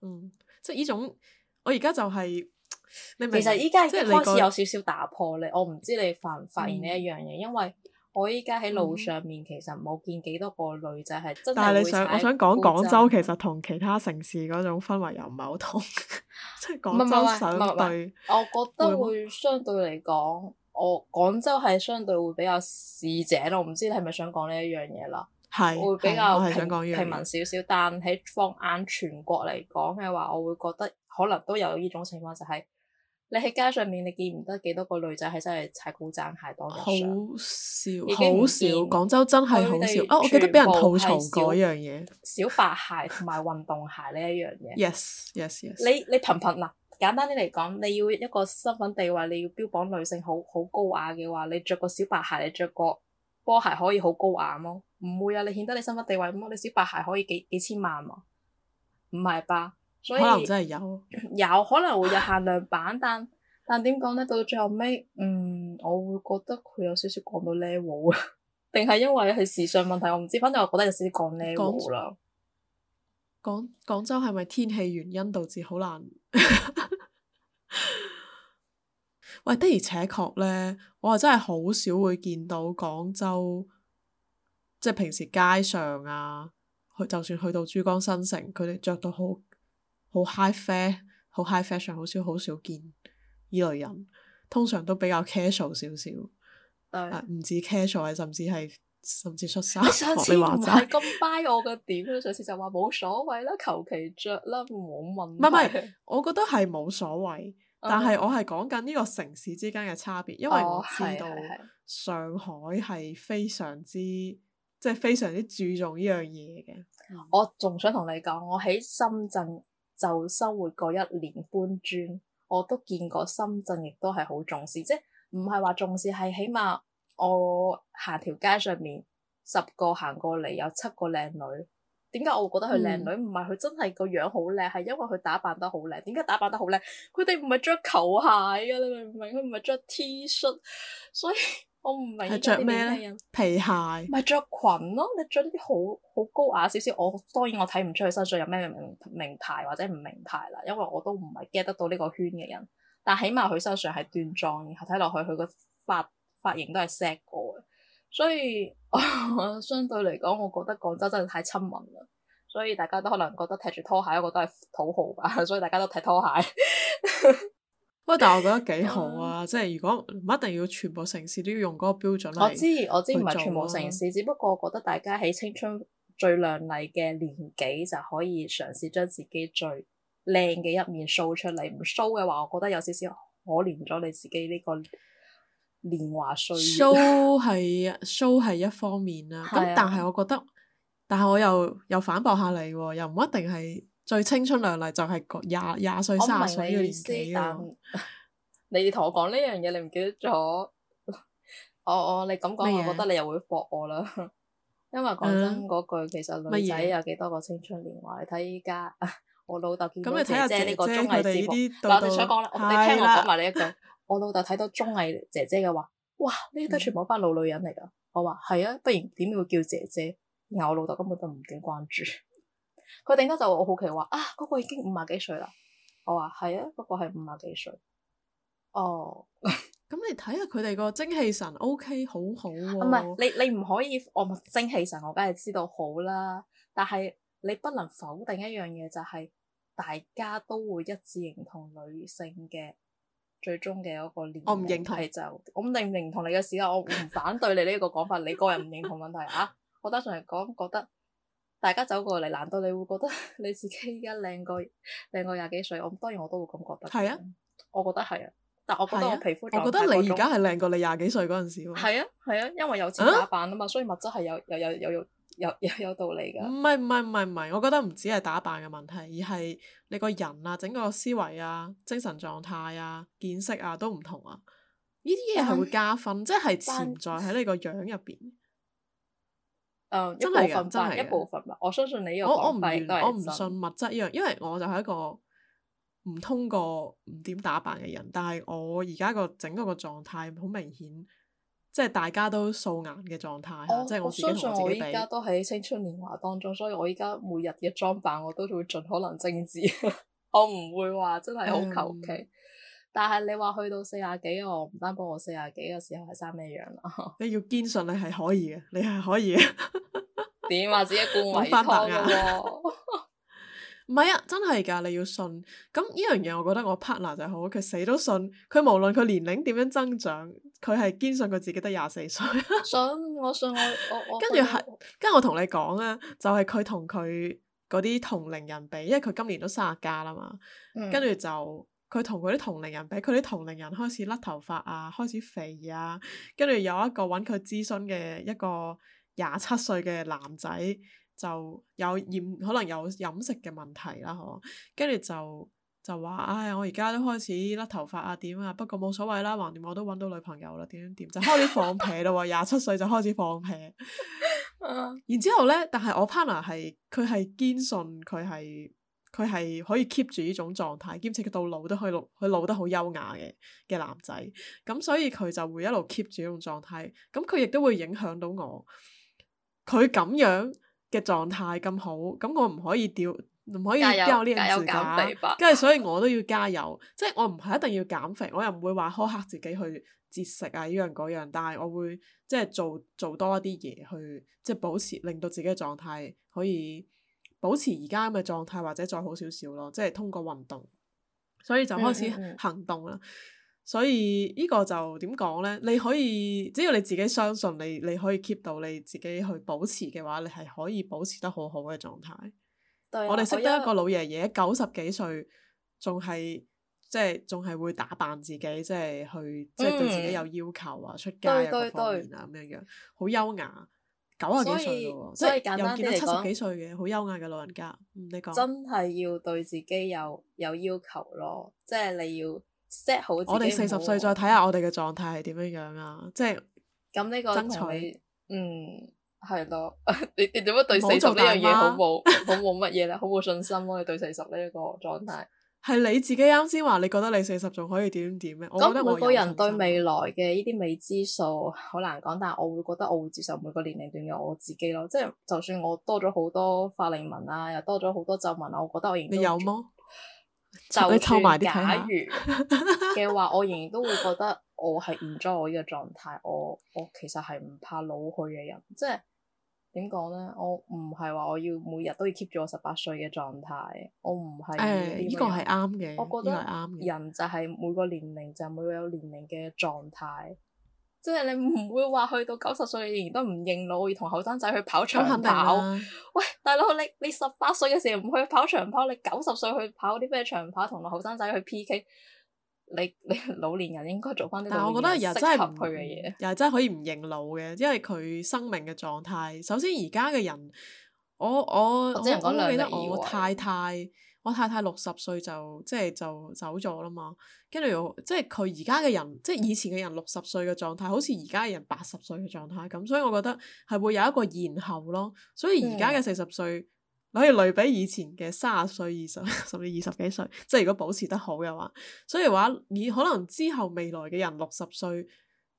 嗯，即係呢種，我而家就係、是、其實依家已經開始有少少打破咧。你我唔知你發唔發現呢一樣嘢，因為。我依家喺路上面，其實冇見幾多個女仔係真係，但係你想，我想講廣州其實同其他城市嗰種氛圍又唔係好同，即 係廣州相對唔唔唔唔唔。我覺得會相對嚟講不，我廣州係相對會比較市井，我唔知你係咪想講呢一樣嘢啦？係是會比較平，想平民少少，但係放眼全國嚟講嘅話，我會覺得可能都有呢種情況係。就係你喺街上面，你見唔得幾多個女仔喺真係踩高踭鞋當上？好少， 好少。廣州真係好少。啊，我記得俾人吐槽嗰樣嘢。 小白鞋同埋運動鞋呢一樣嘢。 Yes, yes, yes 你。你你頻頻嗱，簡單啲嚟講，你要一個身份地位，你要標榜女性好好高雅嘅話，你着個小白鞋，你着個波鞋可以好高雅麼？唔會啊，你顯得你身份地位咁咯。你小白鞋可以幾幾千萬啊？唔係吧？可能真係有，有可能會有限量版， 但但點講咧？到最後尾，嗯，我會覺得佢有少少降到 level 啊，定 係因為係時尚問題，我唔知。反正我覺得有少少降 level 啦。廣廣州係咪天氣原因導致好難 喂，的而且確咧，我係真係好少會見到廣州，即係平時街上啊，去就算去到珠江新城，佢哋着到好。好 high fare，好 high fashion，好少好少見依類人，通常都比較 casual 少少，唔對、啊、止 casual，甚至係甚至出衫，你次唔係咁 buy 我嘅點， 上次就話冇所謂啦，求其着啦，唔好問。唔係，我覺得係冇所謂，Okay. 但係我係講緊呢個城市之間嘅差別，因為我知道上海係非常之、oh, yes, yes, yes. 即係非常之注重呢樣嘢嘅。我仲想同你講，我喺深圳。就生活過一年搬磚，我都見過。深圳亦都係好重視，即係唔係話重視，係起碼我行條街上面十個行過嚟有七個靚女。點解我會覺得佢靚女？唔係佢真係個樣好靚，係因為佢打扮得好靚。點解打扮得好靚？佢哋唔係着球鞋㗎，你明唔明？佢唔係着 T 恤，所以。我唔明着咩咧？皮鞋咪着裙咯，你着呢啲好好高雅少少。我當然我睇唔出佢身上有咩名名牌或者唔名牌啦，因為我都唔係 get 得到呢個圈嘅人。但起碼佢身上係端莊，然後睇落去佢個髮髮型都係 set 過嘅。所以 相對嚟講，我覺得廣州真係太親民啦。所以大家都可能覺得踢住拖鞋嗰個都係土豪吧，所以大家都踢拖鞋 喂，但係我覺得幾好啊！嗯、即係如果唔一定要全部城市都要用嗰個標準、啊、我知我知唔係全部城市，只不過我覺得大家喺青春最靚麗嘅年紀就可以嘗試將自己最靚嘅一面 show 出嚟。唔 show 嘅話，我覺得有少少可憐咗你自己呢個年華歲月。 show 係 show 係一方面啊。咁、啊、但係我覺得，但係我又又反駁下你喎，又唔一定係。最青春靚麗就係廿廿歲、卅歲呢個年紀咯。我唔係你意思，但你同我講呢樣嘢，你唔記得咗？我 我、哦、你咁講，我覺得你又會駁我啦。 因為講真嗰、嗯、句，其實女仔有幾多個青春年華？嗯、你睇依家，我老豆見到姐姐你個綜藝節目，嗱我哋想講咧，你聽我講埋你一句。我老豆睇到綜藝姐姐嘅話，哇！呢啲都全部班老女人嚟噶。嗯、我話係啊，不然點會叫姐姐，姐？然後我老豆根本都唔點關注。佢頂得就我好奇話啊，嗰、那個已經五啊幾歲啦。我話係啊，嗰、那個係五啊幾歲。哦，咁 你睇下佢哋個精氣神 O、okay, K，好好唔係你你唔可以我精氣神，我梗係知道好啦。但係你不能否定一樣嘢，就係、是、大家都會一致認同女性嘅最終嘅嗰個年齡係就。我唔認唔認同你嘅時候，我唔反對你呢個講法， 你個人唔認同問題啊。我常覺得從嚟講覺得。大家走過嚟，難道你會覺得你自己依家靚過靚過廿幾歲？我當然我都會咁覺得。係啊，我覺得係啊，但我覺得我皮膚，我覺得你而家係靚過你廿幾歲嗰陣時喎。係啊，係啊，因為有錢打扮啊嘛，所以物質係有、有、有、有、有、有、有道理㗎。唔係唔係唔係唔係，我覺得唔止係打扮嘅問題，而係你個人啊、整個思維啊、精神狀態啊、見識啊都唔同啊。呢啲嘢係會加分，啊、即係潛在喺你個樣入邊。誒，一部、um, 真係，一部分吧。我相信你呢我唔係，我唔信物質呢樣，因為我就係一個唔通過唔點打扮嘅人。但係我而家個整個個狀態好明顯，即係大家都素顏嘅狀態。Oh, 即係我自己同自己比。而家都喺青春年華當中，所以我依家每日嘅裝扮我都會盡可能精致， 我唔會話真係好求其。Um, 但係你話去到四廿幾，我唔擔保我四廿幾嘅時候係生咩樣啦。 你要堅信你係可以嘅，你係可以嘅。點話自己冠冕堂皇嘅喎？唔係 啊，真係噶，你要信。咁呢樣嘢，我覺得我 partner 就好，佢死都信。佢無論佢年齡點樣增長，佢係堅信佢自己得廿四歲。 信我信我，我，我， 我跟住係，跟住我同你講啊，就係佢同佢嗰啲同齡人比，因為佢今年都卅加啦嘛，跟住就。嗯佢同佢啲同齡人比，佢啲同齡人開始甩頭髮啊，開始肥啊，跟住有一個揾佢諮詢嘅一個廿七歲嘅男仔，就有飲可能有飲食嘅問題啦，嗬，跟住就就話，唉、哎，我而家都開始甩頭髮啊，點啊，不過冇所謂啦，橫掂我都揾到女朋友啦，點點點就開始放屁啦喎，廿七 歲就開始放屁， 然之後呢，但係我 partner 係，佢係堅信佢係。佢係可以 keep 住呢種狀態，兼且佢到老都可以佢老得好優雅嘅嘅男仔。咁所以佢就會一路 keep 住呢種狀態。咁佢亦都會影響到我。佢咁樣嘅狀態咁好，咁我唔可以掉，唔可以掉呢樣字㗎。加油減肥！跟住所以，我都要加油。即係我唔係一定要減肥，我又唔會話苛刻自己去節食啊，呢樣嗰樣。但係我會即係做做多一啲嘢去，即係保持令到自己嘅狀態可以。保持而家咁嘅狀態，或者再好少少咯，即係通過運動，所以就開始行動啦。Mm hmm. 所以呢、呢個就點講呢？你可以只要你自己相信你，你你可以 keep 到你自己去保持嘅話，你係可以保持得好好嘅狀態。了我哋識得一個老爺爺，九十幾歲，仲係即係仲係會打扮自己，即係去即係、mm hmm. 對自己有要求啊，出街啊各方面啊咁樣樣，好優雅。九啊幾歲，所以即係是又見到七十幾歲嘅好，嗯、優雅嘅老人家，你講真係要對自己有有要求咯，即係你要 set 好自己好，啊。我哋四十歲再睇下我哋嘅狀態係點樣樣啊！即係咁呢個爭取，嗯，係咯， 你你點樣對四十呢樣嘢好冇好冇乜嘢咧？好冇信心咯， 你對四十呢一個狀態。 係你自己啱先話，你覺得你四十仲可以點點咧？我覺得每個人對未來嘅呢啲未知數好難講，但係我會覺得我會接受每個年齡段嘅我自己咯。即係就算我多咗好多法令紋啊，又多咗好多皺紋啊，我覺得我仍然都你有麼？你抽埋啲假如嘅話，看看 我仍然都會覺得我係 enjoy 我呢個狀態。我我其實係唔怕老去嘅人，即係。點講咧？我唔係話我要每日都要 keep 住我十八歲嘅狀態，我唔係。呢、哎，呢個係啱嘅。我覺得係啱嘅。人就係每個年齡就每個有年齡嘅狀態，即係你唔會話去到九十歲仍然都唔認老，要同後生仔去跑長跑。嗯、喂，大佬，你你十八歲嘅時候唔去跑長跑，你九十歲去跑啲咩長跑？同個後生仔去 PK？你你老年人應該做翻啲適合佢嘅嘢，又真係可以唔認老嘅，因為佢生命嘅狀態。首先而家嘅人，我我我，我記得我太太，我太太六十歲就即係就走咗啦嘛。跟住即係佢而家嘅人，即係以前嘅人六十歲嘅狀態，好似而家嘅人八十歲嘅狀態咁。所以我覺得係會有一個延後咯。所以而家嘅四十歲，嗯可以類比以前嘅三十歲、二十甚至二十幾歲，即係如果保持得好嘅話，所以話以可能之後未來嘅人六十歲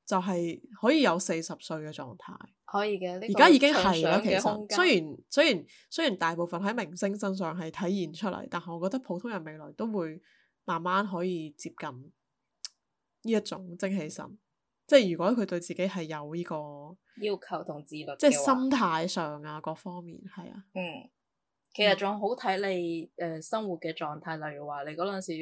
就係、是、可以有四十歲嘅狀態。可以嘅，而、這、家、個、已經係啦。其實雖然雖然雖然大部分喺明星身上係體現出嚟，但係我覺得普通人未來都會慢慢可以接近呢一種精氣神。即係如果佢對自己係有呢、這個要求同自律，即係心態上啊各方面係啊，嗯。其實仲好睇你誒、呃、生活嘅狀態，例如話你嗰陣時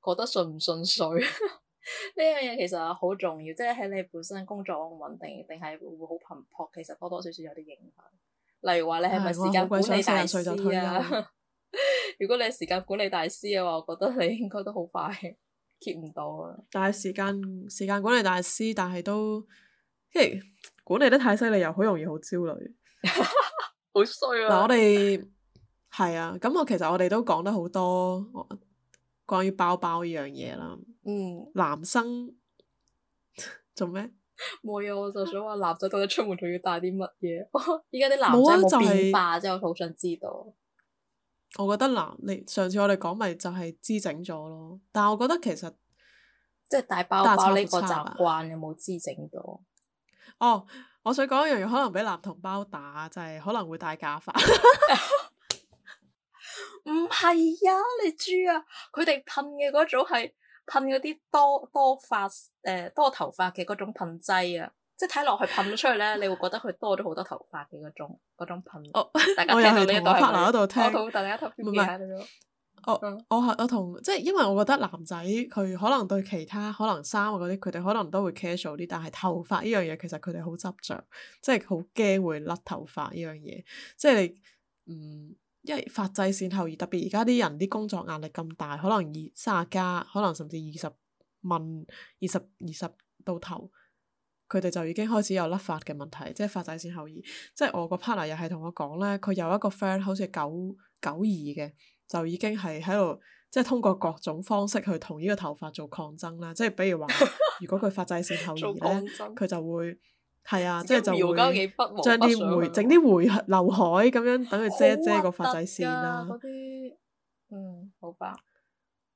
覺得順唔順遂呢樣嘢其實好重要，即係喺你本身工作穩定定係會好頻撲，其實多多少少有啲影響。例如話你係咪時間管理大師啊？如果你係時間管理大師嘅、啊、 話，我覺得你應該都好快 keep 唔到啊。但係時間時間管理大師，但係都即係管理得太犀利，又好容易好焦慮，好衰 啊！我哋。係啊，咁、嗯、我、嗯、其實我哋都講得好多關於包包呢樣嘢啦。嗯，男生 做咩麼？冇啊！ 我就想話男仔到底出門仲要帶啲乜嘢？依家啲男仔冇變化，真係好想知道。我覺得男你上次我哋講咪就係滋整咗咯，但係我覺得其實即係帶包包呢個習慣有冇滋整到？哦、 嗯，我想講一樣嘢，可能俾男同胞打就係、是、可能會帶假髮。 唔係啊，你知啊？佢哋噴嘅嗰種係噴嗰啲多多髮誒、呃、多頭髮嘅嗰種噴劑啊，即係睇落去噴咗出去咧， 你會覺得佢多咗好多頭髮嘅嗰種嗰種噴。哦，那個、 我又係同發度聽，我同大家討論下嚟，我我係我同即係，因為我覺得男仔佢可能對其他可能衫嗰啲，佢哋可能都會 casual 啲，但係頭髮呢樣嘢，其實佢哋好執着，即係好驚會甩頭髮呢樣嘢，即係嗯。因為髮際線後移，特別而家啲人啲工作壓力咁大，可能二卅加，可能甚至二十問、二十二十到頭，佢哋就已經開始有甩髮嘅問題，即係髮際線後移。即係我個 partner 又係同我講咧，佢有一個 friend 好似九九二嘅，就已經係喺度，即係通過各種方式去同呢個頭髮做抗爭啦。即係比如話， 如果佢髮際線後移咧，佢就會。係啊，對即係就會搖多幾筆，將啲回整啲回劉海咁樣，等佢遮一遮一個髮際線啦。啲，嗯，好吧。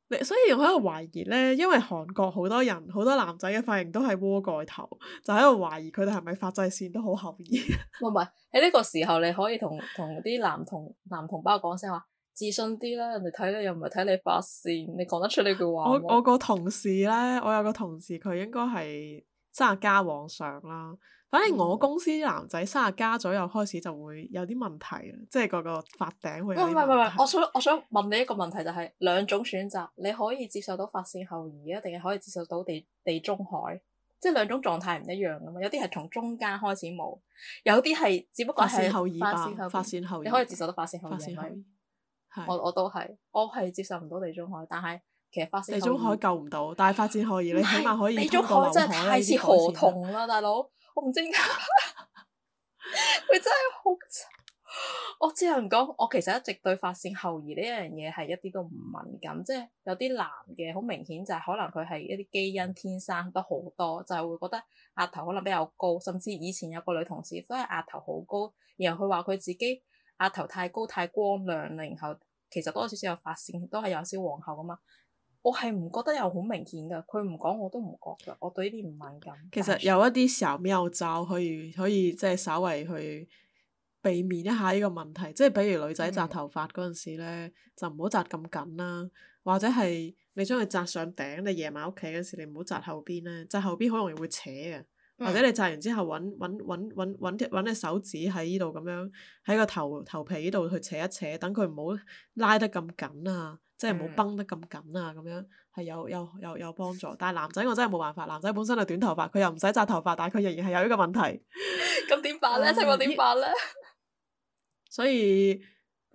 你所以我喺度懷疑咧，因為韓國好多人好多男仔嘅髮型都係鍋蓋頭，就喺度懷疑佢哋係咪髮際線都好合意。唔係喺呢個時候，你可以同同啲男同 男同胞講聲話，自信啲啦。人哋睇你又唔係睇你髮線，你講得出呢句話我。我我個同事咧，我有個同事佢應該係揸加往上啦。反正我公司男仔三十加左右開始就會有啲問題，即係個個發頂會。唔係唔係我想我想問你一個問題，就係，就係兩種選擇，你可以接受到發線後移，定係可以接受到地地中海，即係兩種狀態唔一樣噶嘛。有啲係從中間開始冇，有啲係只不過係發線後移吧。發線後移，後你可以接受到發線後移的。我我都係，我係接受唔到地中海，但係其實發線地中海救唔到，但係發線後移是你起碼可以地中海真係太似河童啦，同啊、大佬。紅針，佢 真係的好。 我只能講，我其實一直對髮線後移呢樣嘢係一啲都唔敏感，即係有啲男嘅好明顯就係可能佢係一啲基因天生得好多，就係、是、會覺得額頭可能比較高，甚至以前有個女同事都係額頭好高，然後佢話佢自己額頭太高太光亮啦，然後其實多少少有髮線，都係有少少往後噶嘛。我係唔覺得有好明顯噶，佢唔講我都唔覺嘅。我對呢啲唔敏感。其實有一啲小妙招可以可以即係稍微去避免一下呢個問題，即係比如女仔紮頭髮嗰陣時咧，嗯、就唔好紮咁緊啦、啊。或者係你將佢紮上頂，你夜晚屋企嗰時你唔好紮後邊啦，紮後邊好容易會扯嘅。嗯、或者你紮完之後揾揾揾揾揾隻手指喺呢度咁樣，喺個頭頭皮依度去扯一扯，等佢唔好拉得咁緊啊。即係冇綁得咁緊啊，咁樣係有有有有幫助。但係男仔我真係冇辦法，男仔本身就短頭髮，佢又唔使紮頭髮，但係佢仍然係有呢個問題。咁點辦呢？請我點辦呢？ 所以，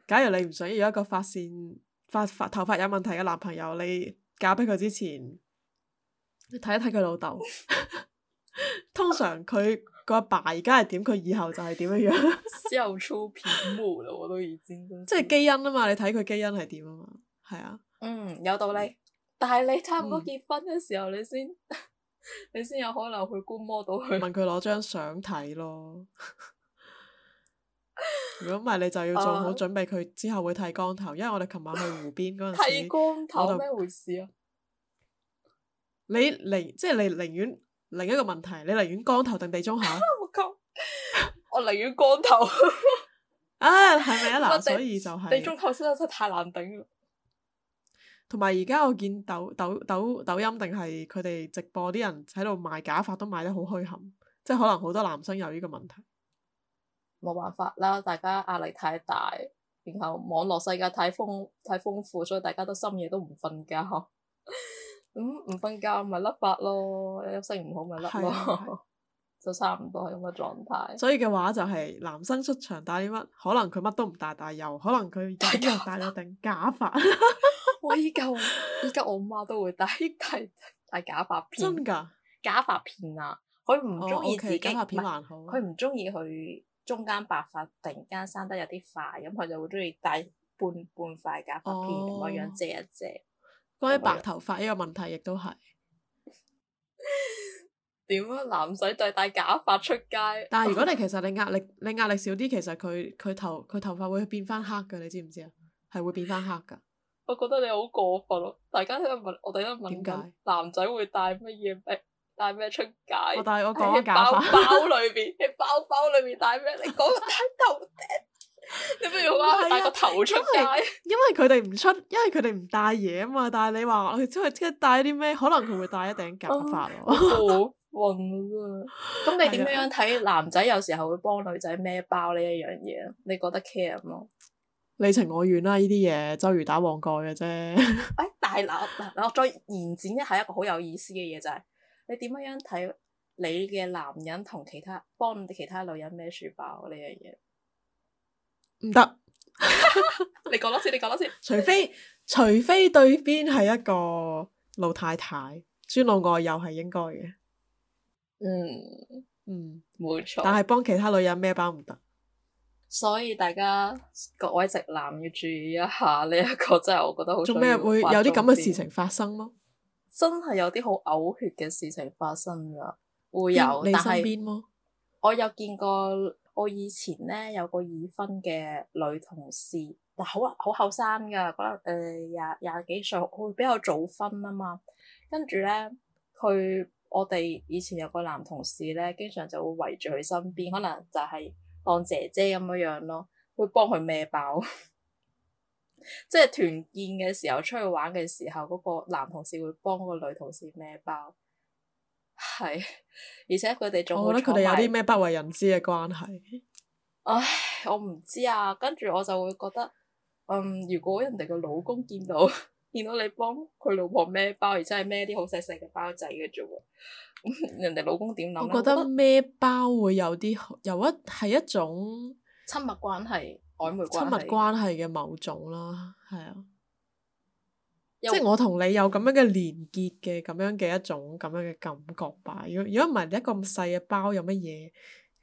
假如你唔想要一個髮線、髮髮，髮頭髮有問題嘅男朋友，你嫁俾佢之前，你睇一睇佢老豆。 通常佢個阿爸而家係點，佢以後就係點嘅樣。 笑出片毛啦！我都已經即係 基因啊嘛，你睇佢基因係點啊嘛。係啊，對嗯，有道理，但係你差唔多結婚嘅時候，嗯、你先才 你先有可能去觀摩到佢，問佢攞張相睇咯。如果唔係，你就要做好準備，佢之後會剃光頭，因為我哋琴晚去湖邊嗰陣時，剃光頭咩回事啊？你寧即係你寧願另一個問題，你寧願光頭定地中海？我講，我寧願光頭啊，係咪啊？嗱，所以就係地中海真真太難頂。同埋而家我見抖抖抖抖音定係佢哋直播啲人喺度賣假髮都賣得好墟冚，即係可能好多男生有呢個問題，冇辦法啦，大家壓力太大，然後網絡世界太豐太豐富，所以大家都深夜都唔瞓覺，咁唔瞓覺咪甩髮咯，休息唔好咪甩咯，的 就差唔多係咁嘅狀態。所以嘅話就係男生出場戴啲乜，可能佢乜都唔戴，但又可能佢隱約戴咗頂假髮。 我依家依家我媽都會戴戴戴假髮片，真㗎假髮片啊！佢唔中意自己，假髮片還好，佢唔中意佢中間白髮突然間生得有啲快，咁佢就會中意戴半半塊假髮片咁嘅、哦、樣遮一遮。關於白頭髮呢個問題，亦都係點啊？男仔再戴假髮出街， 但係如果你其實你壓力你壓力少啲，其實佢佢頭佢頭髮會變返黑嘅，你知唔知啊？係會變返黑㗎。 我覺得你好過分咯！大家喺度問，我哋喺度問，男仔會帶乜嘢？帶帶咩出街？我帶我講緊假髮，包包裏邊， 包包裏邊帶咩？你講個頭頂，你 不如我、啊、帶個頭出街。因為佢哋唔出，因為佢哋唔帶嘢啊嘛。但係你話，即係即係帶啲咩？可能佢會帶一頂假髮咯。好暈啊！咁你點樣樣睇男仔有時候會幫女仔孭包呢一樣嘢？你覺得 care 唔咯？你情我願啦，啊，呢啲嘢周瑜打黃蓋嘅啫。誒、 哎，但係嗱嗱嗱，我再延展一下一個好有意思嘅嘢就係，是，你點樣睇你嘅男人同其他幫其他女人孭書包呢樣嘢？唔得，你講多次，你講多次。除非除非對邊係一個老太太，尊老愛幼係應該嘅，嗯。嗯嗯，冇錯錯。但係幫其他女人孭包唔得。所以大家各位直男要注意一下呢一個，真係我覺得好。做咩會有啲咁嘅事情發生咯，真係有啲好嘔血嘅事情發生啦，會有，你身邊咩？我有見過，我以前咧有個已婚嘅女同事，但好好後生噶，可能誒廿廿幾歲，會比較早婚啊嘛。跟住咧，佢我哋以前有個男同事咧，經常就會圍住佢身邊，可能就係。當姐姐咁樣樣咯，會幫佢孭包， 即係團建嘅時候出去玩嘅時候，嗰個男同事會幫嗰個女同事孭包，係， 而且佢哋仲我覺得佢哋有啲咩不為人知嘅關係。 唉，我唔知啊，跟住我就會覺得，嗯，如果人哋個老公見到。 見到你幫佢老婆孭包，而真係孭啲好細細嘅包仔嘅啫喎， 人哋老公點諗？我覺得孭包會有啲，有一係一種親密關係，曖昧親密關係嘅某種啦，係啊，有即係我同你有咁樣嘅連結嘅，咁樣嘅一種咁樣嘅感覺吧。如果如果唔係，你一個咁細嘅包有乜嘢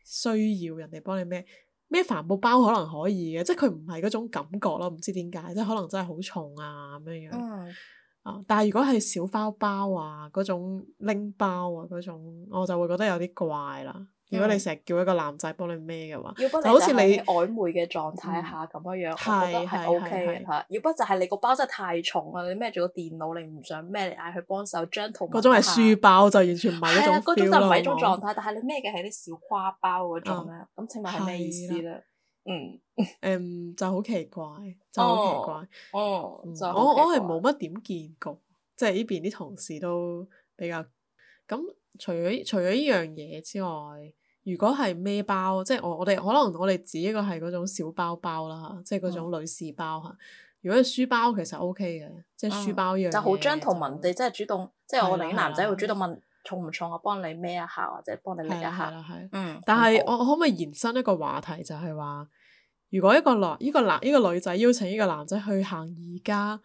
需要人哋幫你孭？咩帆布包可能可以嘅，即係佢唔係嗰種感覺咯，唔知點解，即係可能真係好重啊咁樣樣。啊，啊，但係如果係小包包啊，嗰種拎包啊嗰種，我就會覺得有啲怪啦。如果你成日叫一個男仔幫你孭嘅話，好似你曖昧嘅狀態下咁樣樣，我覺得係 O K 嘅吓。要不就係你個包真係太重啊，你孭住個電腦，你唔想孭嚟，嗌佢幫手將圖。嗰種係書包就完全唔係。係啊，嗰種就唔係一種狀態，但係你孭嘅係啲小挎包嗰種咧，咁請問係咩意思咧？嗯，誒，就好奇怪，就好奇怪，哦，我我係冇乜點見過，即係呢邊啲同事都比較咁。除咗除咗呢樣嘢之外，如果係孭包，即係我我哋可能我哋指一個係嗰種小包包啦，即係嗰種女士包吓。如果係書包其實 O K 嘅，即係書包呢樣就好將同文，即係主動，即係我哋啲男仔會主動問重唔重，我幫你孭一下或者幫你拎一下。係係嗯。但係我可唔可以延伸一個話題，就係話如果一個男依個男依個女仔邀請依個男仔去行宜家，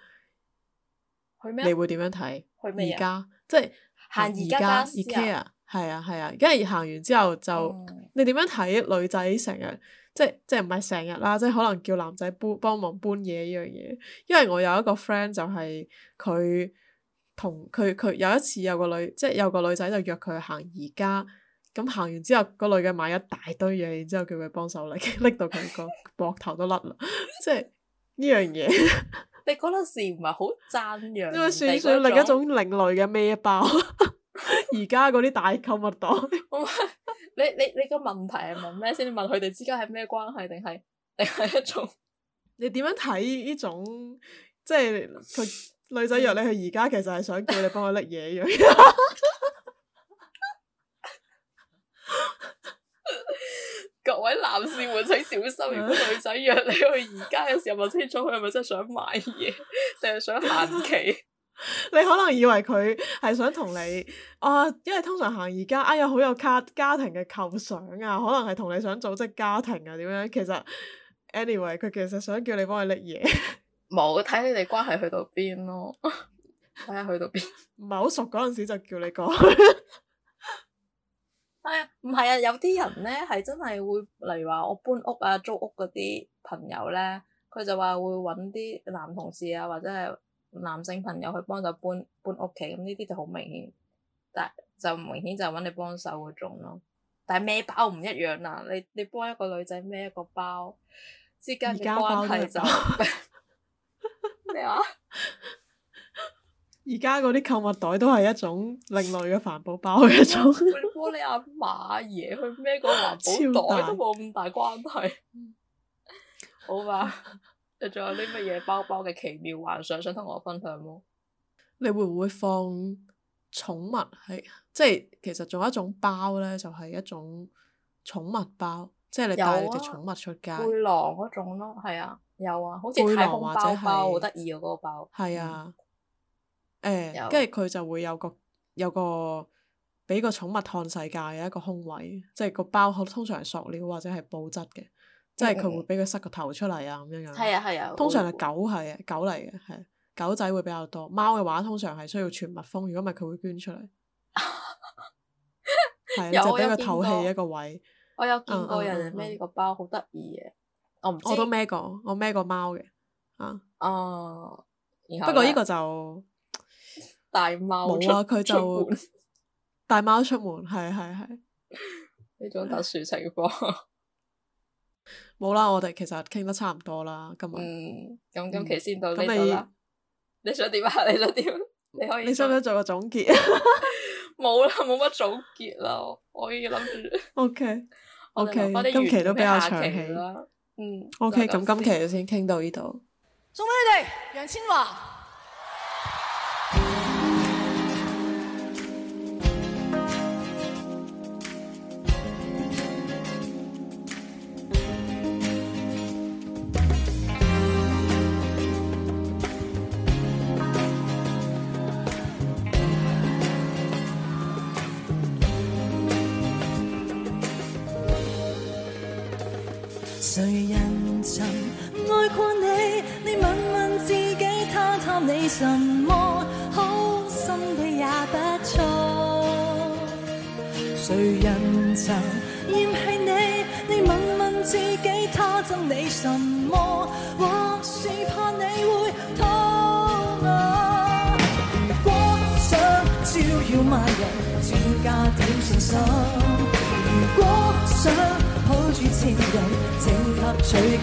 你會點樣睇？去咩？而家即係。行而家，IKEA，係啊係啊，咁 I kea, 行完之後就、嗯、你點樣睇女仔成日，即係即係唔係成日啦，即係可能叫男仔搬幫忙搬嘢呢樣嘢。因為我有一個 friend 就係佢同佢佢有一次有個女，即、即係、有個女仔就約佢行而家，咁行完之後嗰女嘅買一大堆嘢，然之後叫佢幫手拎，拎到佢個膊頭都甩啦， 即係呢樣嘢。你嗰陣時唔係好讚揚，算唔算另一種另類嘅孭包？而家嗰啲大購物袋 你，你你你個問題係問咩先問？你問佢哋之間係咩關係，定係定係一種？ 你點樣睇呢種？即係佢女仔約你去而家，其實係想叫你幫佢拎嘢樣。 位男士們請小心，如果女仔約你去宜家嘅時候問清楚，佢係咪真係想買嘢，定係想行期？ 你可能以為佢係想同你 啊，因為通常行宜家哎呀，好有家家庭嘅構想啊，可能係同你想組織家庭啊，點樣？其實 anyway，佢其實想叫你幫佢拎嘢，冇睇你哋關係去到邊咯，睇下去到邊。 唔係好熟嗰陣時就叫你講。 哎，唔係啊。有啲人咧係真係會，例如話我搬屋啊、租屋嗰啲朋友咧，佢就話會搵啲男同事啊，或者係男性朋友去幫手搬搬屋企，咁呢啲就好明顯，但就唔明顯就搵你幫手嗰種咯。但孭包唔一樣啦、啊，你你幫一個女仔孭一個包，之間嘅關係就咩話？ 麼 而家嗰啲購物袋都係一種另類嘅帆布包嘅一種。你阿馬爺去孭個帆布袋都冇咁大關係。好吧？你仲有啲乜嘢包包嘅奇妙幻想想同我分享冇？你會唔會放寵物喺？即係其實仲有一種包咧，就係一種寵物包，即係、啊、你帶隻寵物出街。背囊嗰種咯，係啊，有啊，好似太空包包，包好得意啊！嗰、那個包係啊。嗯誒，跟住佢就會有個有個俾個寵物看世界嘅一個空位，即係個包，通常係塑料或者係布質嘅，即係佢會俾佢塞個頭出嚟啊咁樣樣。係啊係啊。通常係狗係啊，狗嚟嘅係狗仔會比較多。貓嘅話，通常係需要全密封，如果唔係佢會捐出嚟。 嗯、有啊，就俾個透氣一個位。我有見過人孭個包，嗯、好得意嘅。我唔，我都孭過，我孭過貓嘅。啊、嗯、啊！不過依個就～帶貓出佢、啊、就，大貓出門，係係係呢種特殊情況。冇啦，我哋其實傾得差唔多啦，今日。嗯，咁今期先到呢度啦。你想點啊？你得點？你可以，你想唔想做個總結？冇 啦， 冇乜總結啦。我已經諗住。O K，O K，我哋今期都比較長氣啦。嗯，O K，咁今期就先傾到呢度。送俾你哋楊千嬅。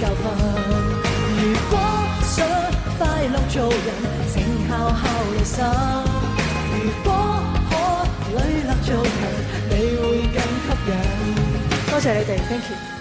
如果想快樂做人，請敲敲良心；如果可磊落做人，你會更吸引。多謝你哋，Thank you。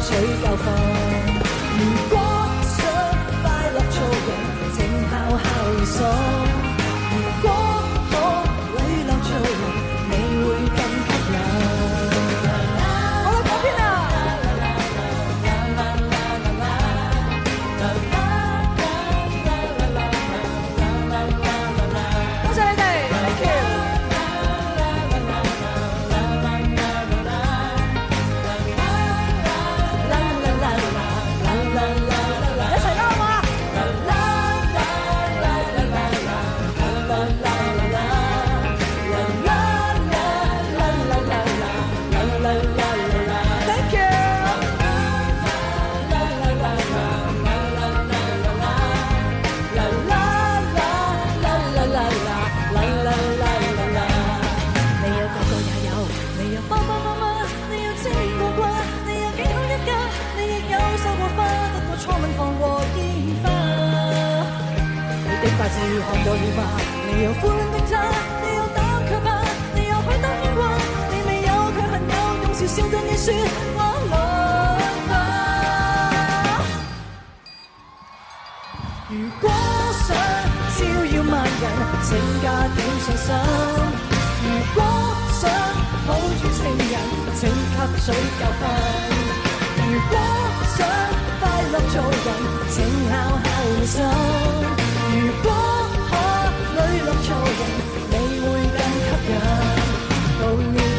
取教訓， 如果想快樂做人，請悄悄裏爽。看到了嗎？你有寬的他，你有膽卻怕，你有許多牽掛，你未有卻很有用，笑笑怎樣説話嗎？如果想照耀萬人，請加點信心；如果想抱住情人，請吸取教訓；如果想快樂做人，請孝孝良心。如果，你會更吸引。